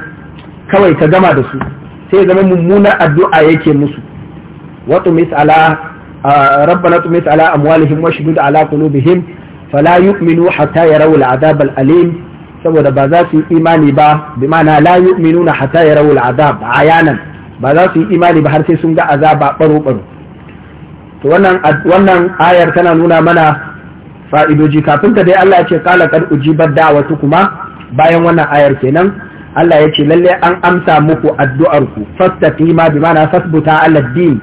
kawai ka gama da su sai zama mummuna addu'a yake musu wa tumis ala rabbana ala saboda ba za su yi imani ba bi ma'ana la yu'minuna hatta yarawu al'adab ayanan ba za su yi imani ba har sai sun ga azaba baro baro to wannan wannan ayar tana nuna mana fa'idoji kafin ta dai Allah ya ce qala qad ujibat da'watu kuma bayan wannan ayar kenan Allah ya ce lalle an amsa muku addu'arku fastaqima bi ma'ana fasbuta ala din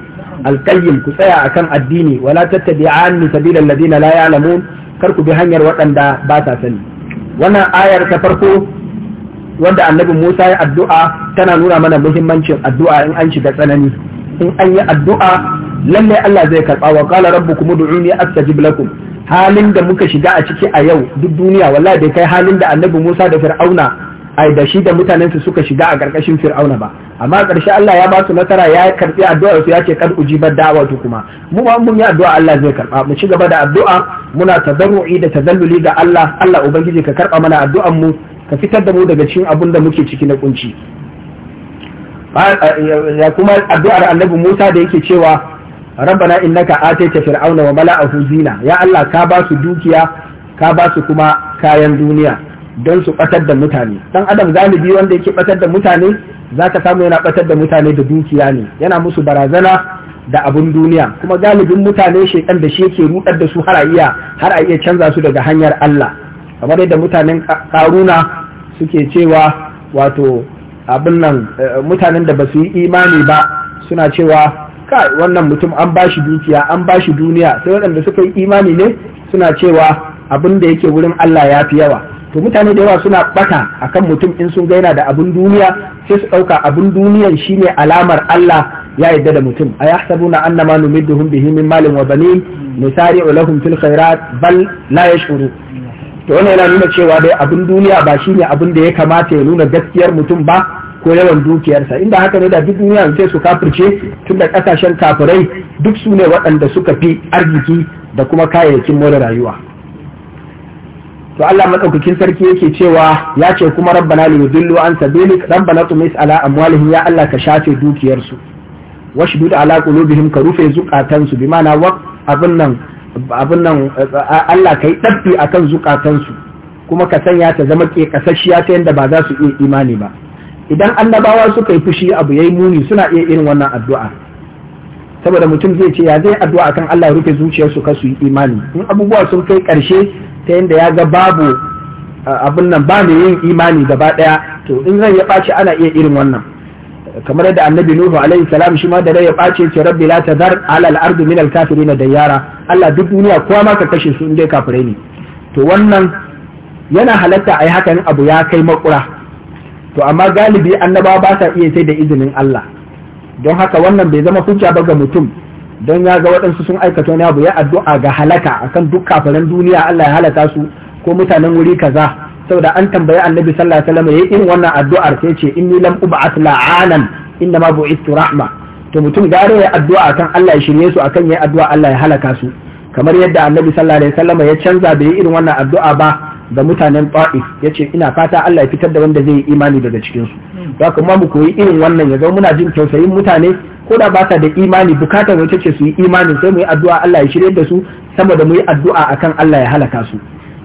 alqayyim ku tsaya akan addini wala tattabi'an sabilal ladina la ya'lamun kar ku bi hanyar waɗanda ba sa sani wannan ayar ta farko wanda annabi Musa ya addu'a tana nuna mana muhimmancin addu'a in an shiga tsanani in an yi addu'a lallai Allah zai karɓa wa qala rabbukum ud'uni astajib lakum halin da muka shiga a ciki a yau duk duniya wallahi bai kai halin da annabi Musa da Fir'auna ai da shi da mutanensu suka shiga a ƙarƙashin Fir'auna ba amma ƙarshe Allah ya ba su nasara ya karɓi addu'ar su ya ce kad ujibar da'watu kuma mu ma mun yi addu'a Allah zai karɓa mu ci gaba da addu'a muna tadarru'i da tazalluli ga Allah Allah ubangiji ka karɓa mana addu'an mu ka fitar da mu daga cikin abin da muke ciki na kunci ya kuma addu'ar annabi Musa da yake cewa rabbana innaka ataita fir'auna wa mala'ahu zina ya Allah ka ba su dukiya ka ba su kuma kayan duniya don su batar da mutane dan adam galibi wanda yake batar da mutane zaka samu yana batar da mutane da dukiya ne yana musu barazana da abun duniya kuma galibin mutane shekan da shi yake rudar da su har har a iya canza su daga hanyar Allah kamar yadda mutanen karuna suke cewa wato abin nan eh, mutanen da ba su yi imani ba suna cewa kai wannan mutum an ba shi dukiya an ba shi duniya sai waɗanda suka yi imani ne suna cewa abin da yake wurin Allah ya fi yawa to mutane da yawa suna bata akan mutum in sun gaina da abin duniya sai su ɗauka abin duniyan shine alamar Allah ya yadda da mutum a yahsabuna annama numidduhum bihi min malin wa banin nusari'u lahum fil khairat bal la yash'uru to wannan yana nuna cewa dai abin duniya ba shi ne abin da ya kamata ya nuna gaskiyar mutum ba ko yawan dukiyarsa inda haka ne da duk duniya sai su kafirce tun da kasashen kafirai duk su ne waɗanda suka fi arziki da kuma kayayyakin more rayuwa to Allah madaukakin sarki yake cewa ya ce kuma rabbana li yudillu an sabilik rabbana tumis ala amwalihim ya Allah ka shafe dukiyarsu washdud ala qulubihim ka rufe zukatansu bi wa abin nan abin nan Allah ka yi ɗabbi a kan zukatansu kuma ka sanya ta zama ƙasashiya ta yadda ba za su iya imani ba idan annabawa suka yi fushi abu ya yi muni suna iya irin wannan addu'a saboda mutum zai ce ya zai addu'a kan Allah rufe zuciyarsu ka su yi imani in abubuwa sun kai ƙarshe ta yadda ya ga babu abin nan ba mai yin imani gaba ɗaya to in zai ya ɓaci ana iya irin wannan kamar yadda annabi nuhu alaihi salam shi ma da rai ya bace ce rabbi la tadhar ala al ardi min al-kafirin yara, Allah duk duniya kowa ma ka kashe su inda kafire ne to wannan yana halatta ai hakan abu ya kai makura to amma galibi annabawa ba sa iya sai da izinin Allah don haka wannan bai zama hujja ba ga mutum don ya ga waɗansu sun aikata wani abu ya addu'a ga halaka akan duk kafiran duniya Allah ya halaka su ko mutanen wuri kaza saboda an tambayi annabi sallallahu alaihi wasallam yayin irin wannan addu'ar sai ce inni lam ub'at la'anan inna ma bu'istu rahma to mutum gare ya addu'a kan Allah ya shirye su akan yayin addu'a Allah ya halaka su kamar yadda annabi sallallahu alaihi wasallam ya canza bai yi irin wannan addu'a ba ga mutanen ta'if yace ina fata Allah ya fitar da wanda zai yi imani daga cikin su da kuma mu koyi irin wannan ya zo muna jin tausayin mutane ko da ba sa da imani bukatar wata ce su yi imani sai mu yi addu'a Allah ya shirye da su sama da mu yi addu'a akan Allah ya halaka su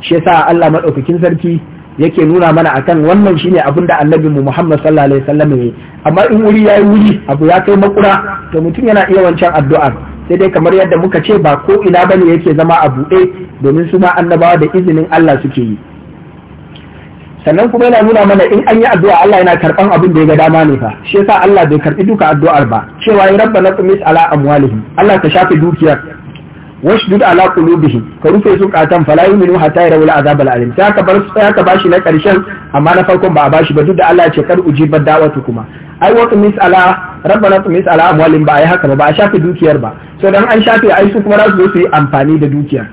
shi yasa Allah madaukakin sarki yake nuna mana akan wannan shine abin da annabi mu Muhammad sallallahu alaihi wasallam yayi amma in wuri yayi wuri abu ya kai makura to mutum yana iya wancan addu'ar sai dai kamar yadda muka ce ba ko ina bane yake zama a buɗe domin su ma annabawa da izinin Allah suke yi sannan kuma yana nuna mana in an yi addu'a Allah yana karban abin da ya ga dama ne fa shi yasa Allah bai karbi duka addu'ar ba cewa ya rabbana tumis ala amwalihim Allah ka shafe dukiyar washdud ala qulubihim ka rufe su katan fala yu'minu hatta yarawu al'azab al'alim sai aka bar sai aka bashi na karshen amma na farkon ba a bashi ba duk da Allah ya ce kar ujibar da'watu kuma ai wa tumis ala rabbana tumis ala amwalin ba ai haka ba a shafe dukiyar ba so dan an shafe ai su kuma za su zo su yi amfani da dukiyar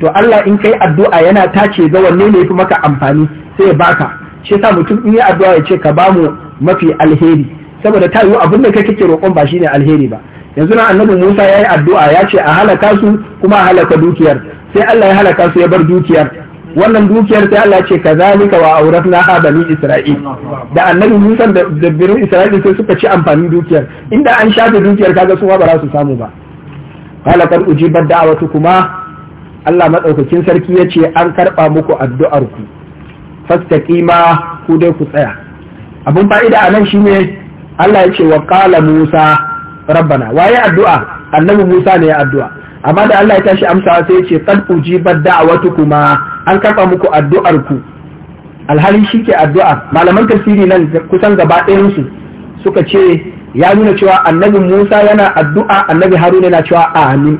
to Allah in kai addu'a yana tace ga wanne ne fi maka amfani sai ya baka shi yasa mutum in yi addu'a ya ce ka bamu mafi alheri saboda ta yiwu abin da kake roƙon ba shine alheri ba yanzu na annabi Musa ya yi addu'a ya ce a halaka su kuma a halaka dukiyar sai Allah ya halaka su ya bar dukiyar wannan dukiyar sai Allah ce kazalika wa na ha bani Isra'il da annabi Musa da dabbirin Isra'il sai suka ci amfanin dukiyar inda an shafe dukiyar kaga su ba za su samu ba qala da ujibat kuma. Allah matsaukakin sarki ya ce an karɓa muku addu'ar ku fastaqima ku dai ku tsaya abun fa'ida a nan shine Allah ya ce wa qala Musa rabbana waye addu'a annabi Musa ne ya addu'a amma da Allah ya tashi amsa sai ya ce qad ujibat da'watukuma an kafa muku addu'ar ku alhali shike addu'a malaman tafsiri nan kusan gaba ɗayan su suka ce ya nuna cewa annabi Musa yana addu'a annabi Haruna yana cewa amin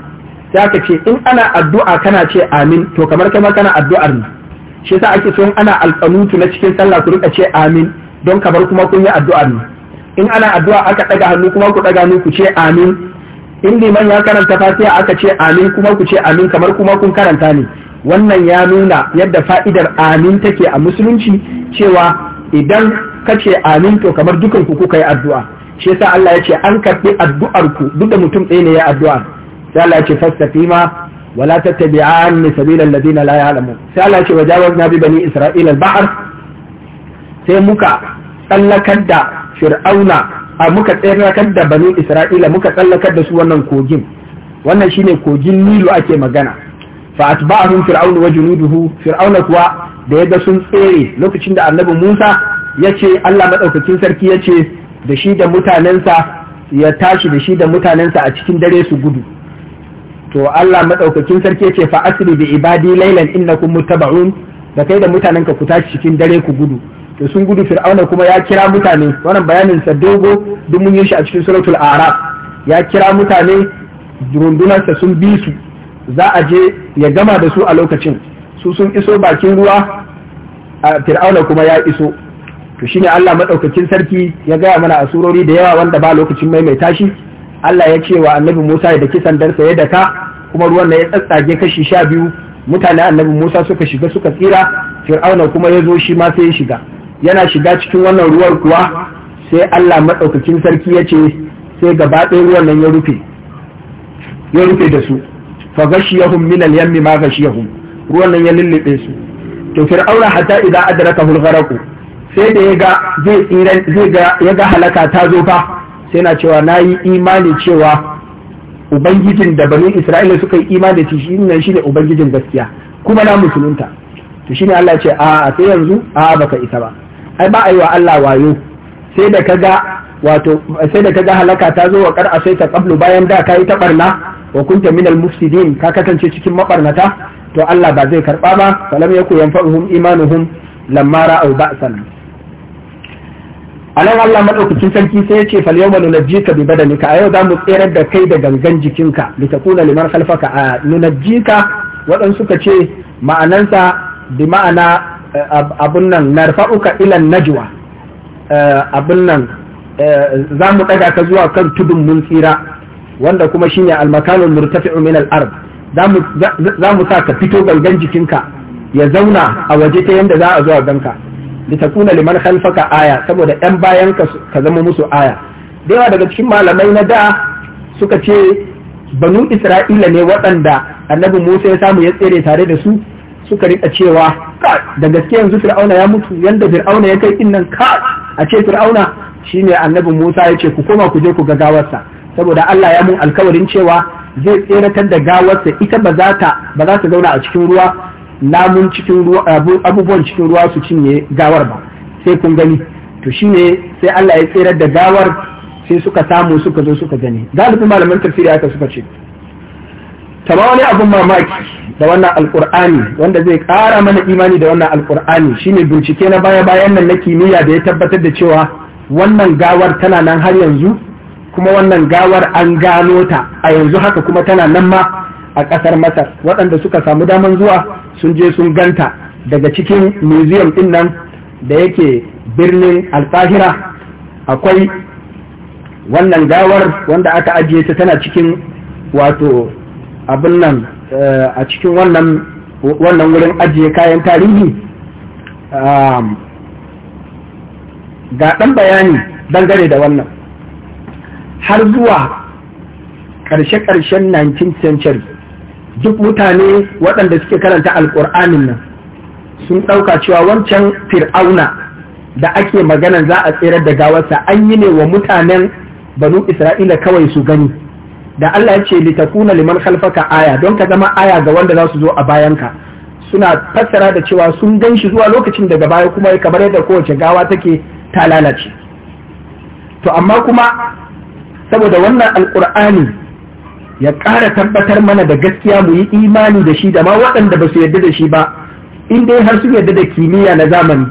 sai aka ce in ana addu'a kana ce amin to kamar kai ma kana addu'ar ne shi yasa ake so in ana alƙanutu na cikin sallah ku rika ce amin don kamar kuma kun yi addu'ar ne in ana addu'a aka ɗaga hannu kuma ku ɗaga hannu ku ce amin in liman ya karanta fatiha aka ce amin kuma ku ce amin kamar kuma kun karanta ne wannan ya nuna yadda fa'idar amin take a musulunci cewa idan ka ce amin to kamar dukan ku kuka yi addu'a shi yasa Allah ya ce an karɓi addu'ar ku duk da mutum ɗaya ne ya addu'a sai Allah ya ce fastaqima ولا تتبعان سبيل الذين لا يعلمون سألة وجاوزنا ببني sai muka سيمك da fir'auna a muka tsayar da bani isra'ila muka tsallakar da su wannan kogin wannan shine kogin nilu ake magana fa atba'ahum fir'aun wa junuduhu fir'auna kuwa da yadda sun tsere lokacin da annabi Musa ya ce, Allah madaukakin sarki ya ce, da shi da mutanensa ya tashi da shi da mutanensa a cikin dare su gudu to Allah madaukakin sarki ya ce, fa asri bi ibadi laylan innakum mutaba'un da kai da mutanenka ku tashi cikin dare ku gudu da sun gudu fir'auna kuma ya kira mutane wannan bayanin sa dogo duk mun yi shi a cikin suratul araf ya kira mutane rundunar sa sun bi su za a je ya gama da su a lokacin su sun iso bakin ruwa fir'auna kuma ya iso to shine Allah madaukakin sarki ya gaya mana a surori da yawa wanda ba lokacin maimaita shi Allah ya ce wa annabi Musa ya daki sandarsa ya daka kuma ruwan na ya tsatsage kashi sha biyu mutane annabi Musa suka shiga suka tsira fir'auna kuma ya zo shi ma sai ya shiga yana shiga cikin wannan ruwar kuwa sai Allah maɗaukakin sarki ya ce sai gaba ɗaya ruwan nan ya rufe ya rufe da su fa ya hun minal yammi ma ya hun ruwan nan ya lullube su to fir'auna hatta idan adraka hulgaraku sai da ya ga zai tsiran zai ga ya ga halaka ta zo fa sai na cewa nayi imani cewa ubangijin da bani isra'ila suka yi imani da shi nan shine ubangijin gaskiya kuma na musulunta to shine Allah ce a sai yanzu a baka isa ba ai ba a yi wa Allah wayo sai da kaga wato sai da halaka ta zo wa kar'a sai ta qablu bayan da kai ta barna wa kunta minal mufsidin ka kasance cikin mabarnata to Allah ba zai karba ba falam yaku yanfa'uhum imanuhum lamma ra'aw ba'sana anan Allah madaukakin sarki sai ya ce fal yawma nunajjika bi badanika a yau za mu tserar da kai da gangan jikinka li takuna liman khalfaka a nunajjika wadan suka ce ma'anansa bi ma'ana Eh, abun nan narfa'uka ilan najwa eh, abun nan eh, za mu daga ka zuwa kan tudun mun tsira wanda kuma shine almakanul murtafi'u min al-ard za mu sa ka fito gangan jikinka ya zauna a waje ta yanda za a zuwa ganka litakuna liman khalfaka aya saboda yan bayan ka ka zama musu aya da yawa daga cikin malamai na da suka ce banu isra'ila ne waɗanda annabi musa ya samu ya tsere tare da su suka riƙa cewa da gaske yanzu fir'auna ya mutu yanda fir'auna ya kai innan ka a ce fir'auna shine annabi Musa ya ce ku koma ku je ku ga gawarsa saboda Allah ya mun alkawarin cewa zai tseratar da gawarsa ita ba za ta zauna a cikin ruwa namun cikin ruwa abubuwan cikin ruwa su cinye gawar ba sai kun gani to shine sai Allah ya tserar da gawar sai suka samu suka zo suka gani galibin malaman tafsiri haka suka ce tama wani abin mamaki da wannan alkur'ani wanda zai ƙara mana imani da wannan alkur'ani shine bincike na baya-bayan nan na kimiyya da ya tabbatar da cewa wannan gawar tana nan har yanzu kuma wannan gawar an gano ta a yanzu haka kuma tana nan ma a ƙasar masar waɗanda suka samu daman zuwa sun je sun ganta daga cikin museum ɗin nan da yake birnin alfahira akwai wannan gawar wanda aka ajiye ta tana cikin wato abin nan a cikin wannan wurin ajiye kayan tarihi um, ga ɗan bayani dangane da wannan har zuwa ƙarshe-ƙarshen 19th century duk mutane waɗanda suke karanta alƙur'anin nan sun ɗauka cewa wancan fir'auna da ake magana za a tsere da gawarsa an yi ne wa mutanen banu isra'ila kawai su gani da Allah ya ce litakuna liman khalfaka aya don ka zama aya ga wanda za su zo a bayanka suna fassara da cewa sun gan shi zuwa lokacin daga baya kuma kamar yadda kowace gawa take ta lalace to amma kuma saboda wannan alkur'ani ya ƙara tabbatar mana da gaskiya mu yi imani da shi da ma waɗanda ba su yarda da shi ba in dai har sun yarda da kimiyya na zamani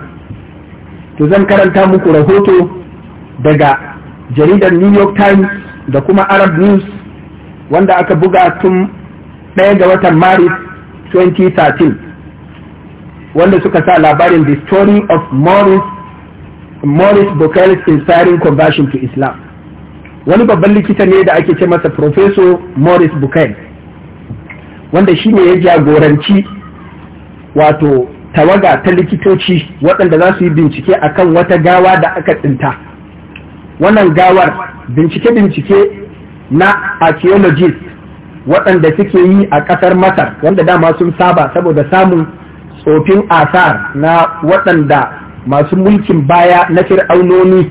to zan karanta muku rahoto daga jaridar new york times da kuma arab news wanda aka buga tun ɗaya ga watan maris 2013 wanda suka sa labarin the story of morris morris Bukhari's inspiring conversion to islam wani babban likita ne da ake ce masa professor morris Bukhari wanda shi ne ya jagoranci wato tawaga ta likitoci waɗanda za su yi bincike akan wata gawa da aka tsinta wannan gawar bincike-bincike na archaeologists waɗanda suke yi a ƙasar masar wanda dama sun saba saboda samun tsofin asar na waɗanda masu mulkin baya na fir'aunoni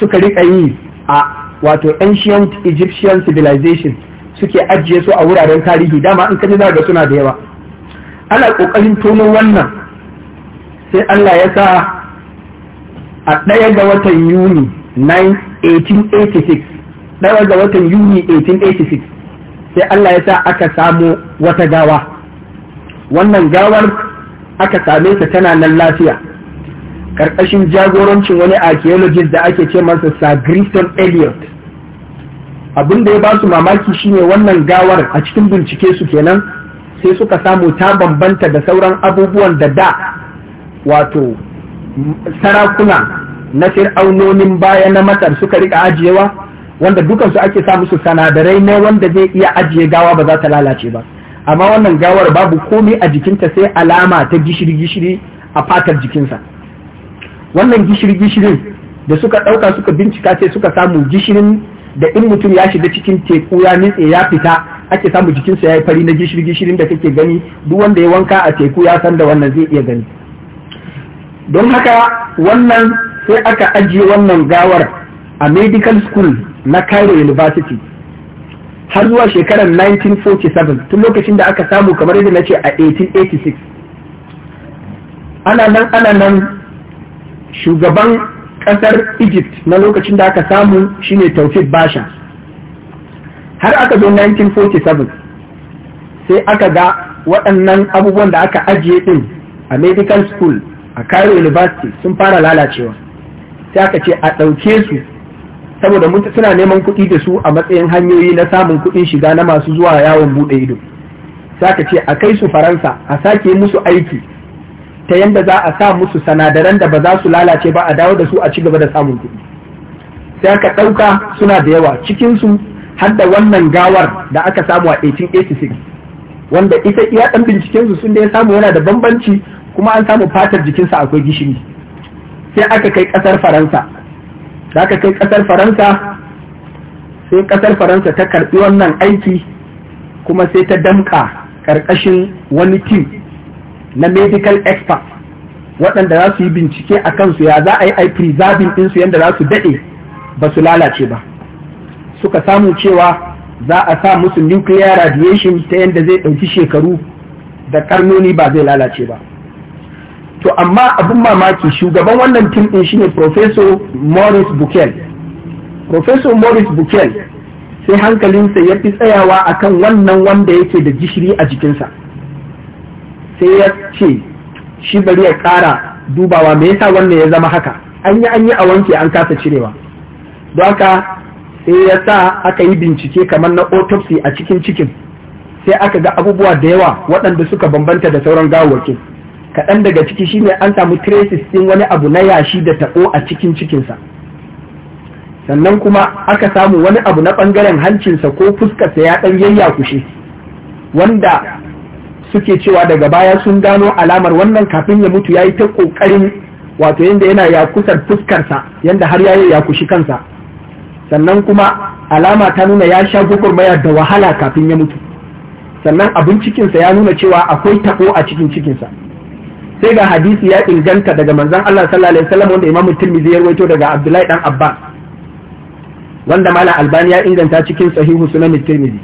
suka riƙa yi a wato ancient egyptian civilization suke ajiye su a wuraren tarihi dama in kaji za suna da yawa ana ƙoƙarin tono wannan sai allah ya sa a ɗaya ga watan yuni 1886 ɗaya ga watan yuni 1886 sai Allah ya sa aka samu wata gawa wannan gawar aka same ta tana nan lafiya karkashin jagorancin wani archaeologist da ake ce masa Sir griston Elliot abin da ya ba su mamaki shine wannan gawar a cikin bincike su kenan sai suka samu ta bambanta da sauran abubuwan da da wato sarakuna na fir'aunonin baya na matar suka rika ajiyewa wanda dukansu ake sa musu sanadarai ne wanda zai iya ajiye gawa ba za ta lalace ba amma wannan gawar babu komai a jikinta sai alama ta gishiri-gishiri a fatar jikinsa wannan gishiri gishiri da suka ɗauka suka bincika sai suka samu gishirin da in mutum ya shiga cikin teku ya nitse ya fita ake samu jikinsa ya yi fari na gishiri-gishirin da kake gani duk wanda ya wanka a teku ya san da wannan zai iya gani don haka wannan sai aka ajiye wannan gawar a medical school na cairo university har zuwa shekarar 1947 tun lokacin da aka samu kamar yadda na ce a 1886 ana nan ana nan shugaban kasar egypt na lokacin da aka samu shine taufik basha har aka zo 1947 sai aka ga waɗannan abubuwan da aka ajiye ɗin a medical school a cairo university sun fara lalacewa sai aka ce a ɗauke su saboda mun suna neman kuɗi da su a matsayin hanyoyi na samun kuɗin shiga na masu zuwa yawon buɗe ido ka ce a kai su faransa a sake musu aiki ta yadda za a sa musu sanadaran da ba za su lalace ba a dawo da su a ci gaba da samun kuɗi sai aka ɗauka suna da yawa cikinsu har da wannan gawar da aka samu a 1886 wanda ita iya ɗan bincikensu sun da ya samu yana da bambanci kuma an samu fatar jikinsa akwai gishiri sai aka kai ƙasar faransa Za ka kai ƙasar faransa sai kasar faransa ta karɓi wannan aiki kuma sai ta damƙa ƙarƙashin wani tim na medical expert waɗanda za su yi bincike a kansu ya za a yi preserving ɗinsu yadda za su daɗe ba su lalace ba suka samu cewa za a sa musu nuclear radiation ta yadda zai ɗauki shekaru da karnoni ba zai lalace ba to amma abin mamaki shugaban wannan tim din shine professor Morris Bukel professor Morris Bukel sai hankalinsa ya fi tsayawa kan wannan wanda yake da gishiri a jikinsa sai ya ce shi bari ya kara dubawa me yasa wannan ya zama haka an yi an yi a wanke an kasa cirewa don haka sai ya sa aka yi bincike kamar na autopsy a cikin cikin sai aka ga abubuwa da yawa waɗanda suka bambanta da sauran gawarkin kaɗan daga ciki shine an samu traces ɗin wani abu na yashi da taɓo a cikin cikinsa sannan kuma aka samu wani abu na ɓangaren hancinsa ko fuskarsa ya ɗan yayyakushe wanda suke cewa daga baya sun gano alamar wannan kafin ya mutu ya yi ta ƙoƙarin wato yadda yana yakusar fuskarsa yadda har ya kushi kansa sannan kuma alama ta nuna ya sha gwagwarmaya da wahala kafin ya mutu sannan abin cikinsa ya nuna cewa akwai taɓo a cikin cikinsa sai ga hadisi ya inganta daga manzon Allah sallallahu alaihi wasallam wanda Imam Tirmidhi ya rawaito daga Abdullahi dan Abba. wanda Malam Albani ya inganta cikin Sahihu Sunan Tirmidhi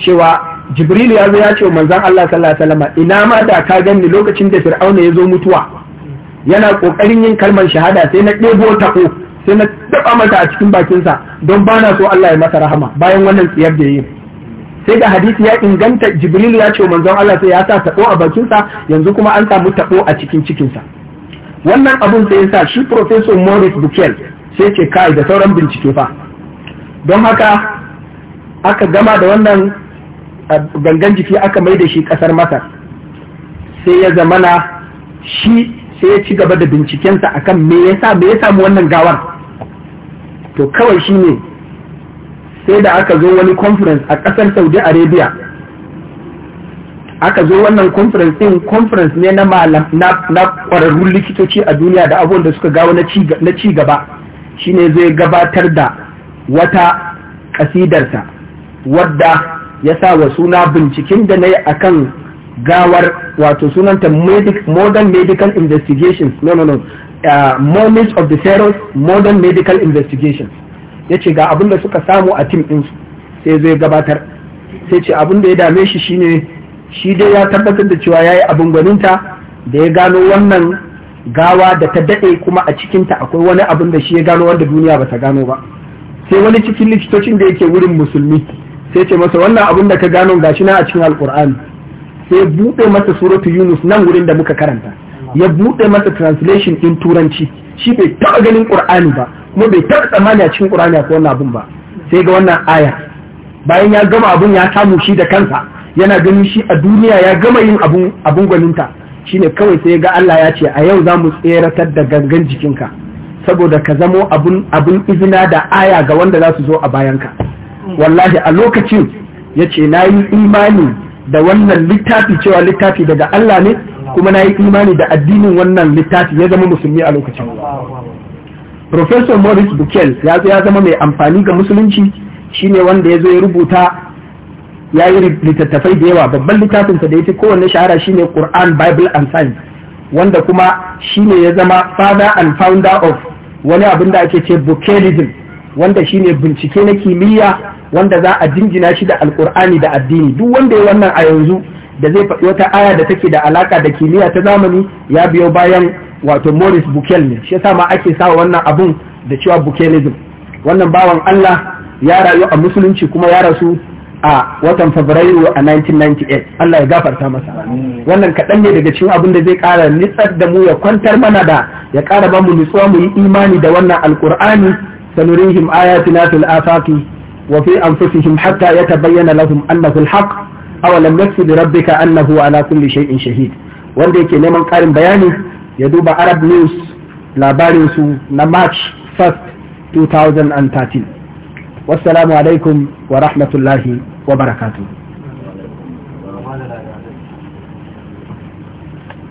cewa Jibril ya zo ya ce manzon Allah sallallahu alaihi wasallam ina ma da ka ganni lokacin da Fir'auna ya zo mutuwa yana kokarin yin kalmar shahada sai na ɗebo tako sai na dafa mata a cikin bakinsa don bana so Allah ya masa rahama bayan wannan tsiyar da yi sai da hadisi ya inganta jibril ya ce manzon Allah sai ya sa tabo a bakinsa yanzu kuma an samu tabo a cikin cikinsa wannan abun sai yasa shi professor Maurice Bukel sai ce kai da sauran bincike fa don haka aka gama da wannan gangan jiki aka mai da shi kasar Masar sai ya zamana shi sai ya ci gaba da bincikensa akan me yasa me ya samu wannan gawar to kawai shine sai da aka zo wani conference a ƙasar saudi arabia aka zo wannan conference din conference ne na malam na ƙwararrun likitoci a duniya da abubuwan da suka gawo na ci gaba shine zai gabatar da wata ta wadda ya sa wa suna binciken da na yi a kan gawar wato sunanta modern medical investigations no no no uh, moments of the pharaohs modern medical investigations ya ce ga abin da suka samu a tim su sai zai gabatar sai ce abin da ya dame shi shine shi dai ya tabbatar da cewa ya yi abin gwaninta da ya gano wannan gawa da ta daɗe kuma a cikinta akwai wani abin da shi ya gano wanda duniya ba ta gano ba sai wani cikin likitocin da yake wurin musulmi sai ce masa wannan abin da ka gano gashi na a cikin alkur'ani sai buɗe masa suratu yunus nan wurin da muka karanta ya buɗe masa translation ɗin turanci shi bai taɓa ganin ƙur'ani ba Mu bai taɓa tsammani a cikin ƙur'ani akwai wannan abun ba sai ga wannan aya bayan ya gama abun ya samu shi da kansa yana ganin shi a duniya ya gama yin abun abun gwaninta shine kawai sai ga Allah ya ce a yau za mu tseratar da gangan jikinka saboda ka zamo abun abun izina da aya ga wanda za su zo a bayanka wallahi a lokacin ya ce na yi imani da wannan littafi cewa littafi daga Allah ne kuma na yi imani da addinin wannan littafi ya zama musulmi a lokacin professor maurice bukel ya zo ya zama mai amfani ga musulunci shine wanda ya zo ya rubuta ya yi littattafai da yawa babban littafinsa da ya fi kowanne shahara shine quran bible and science wanda kuma shine ya zama father and founder of wani abin da ake ce bukelism wanda shine bincike na kimiyya wanda za a jinjina shi da alkur'ani da addini duk wanda ya wannan a yanzu da zai faɗi wata aya da take da alaka da kimiyya ta zamani ya biyo bayan wato Morris Bukel ne shi yasa ma ake sawa wannan abun da cewa Bukelism wannan bawan Allah ya rayu a musulunci kuma ya rasu a watan Fabrairu a 1998 Allah ya gafarta masa wannan kaɗan ne daga cikin abin da zai ƙara nitsar da mu ya kwantar mana da ya ƙara ba mu nutsuwa mu yi imani da wannan alƙur'ani sanurihim ayatina fil afaqi wa fi anfusihim hatta yatabayyana lahum annahu alhaq aw lam yakfi rabbika annahu ala kulli shay'in shahid wanda yake neman ƙarin bayani ya duba arab news labarinsu na march 1 2013 wassalamu alaikum wa rahmatullahi wa barakatu.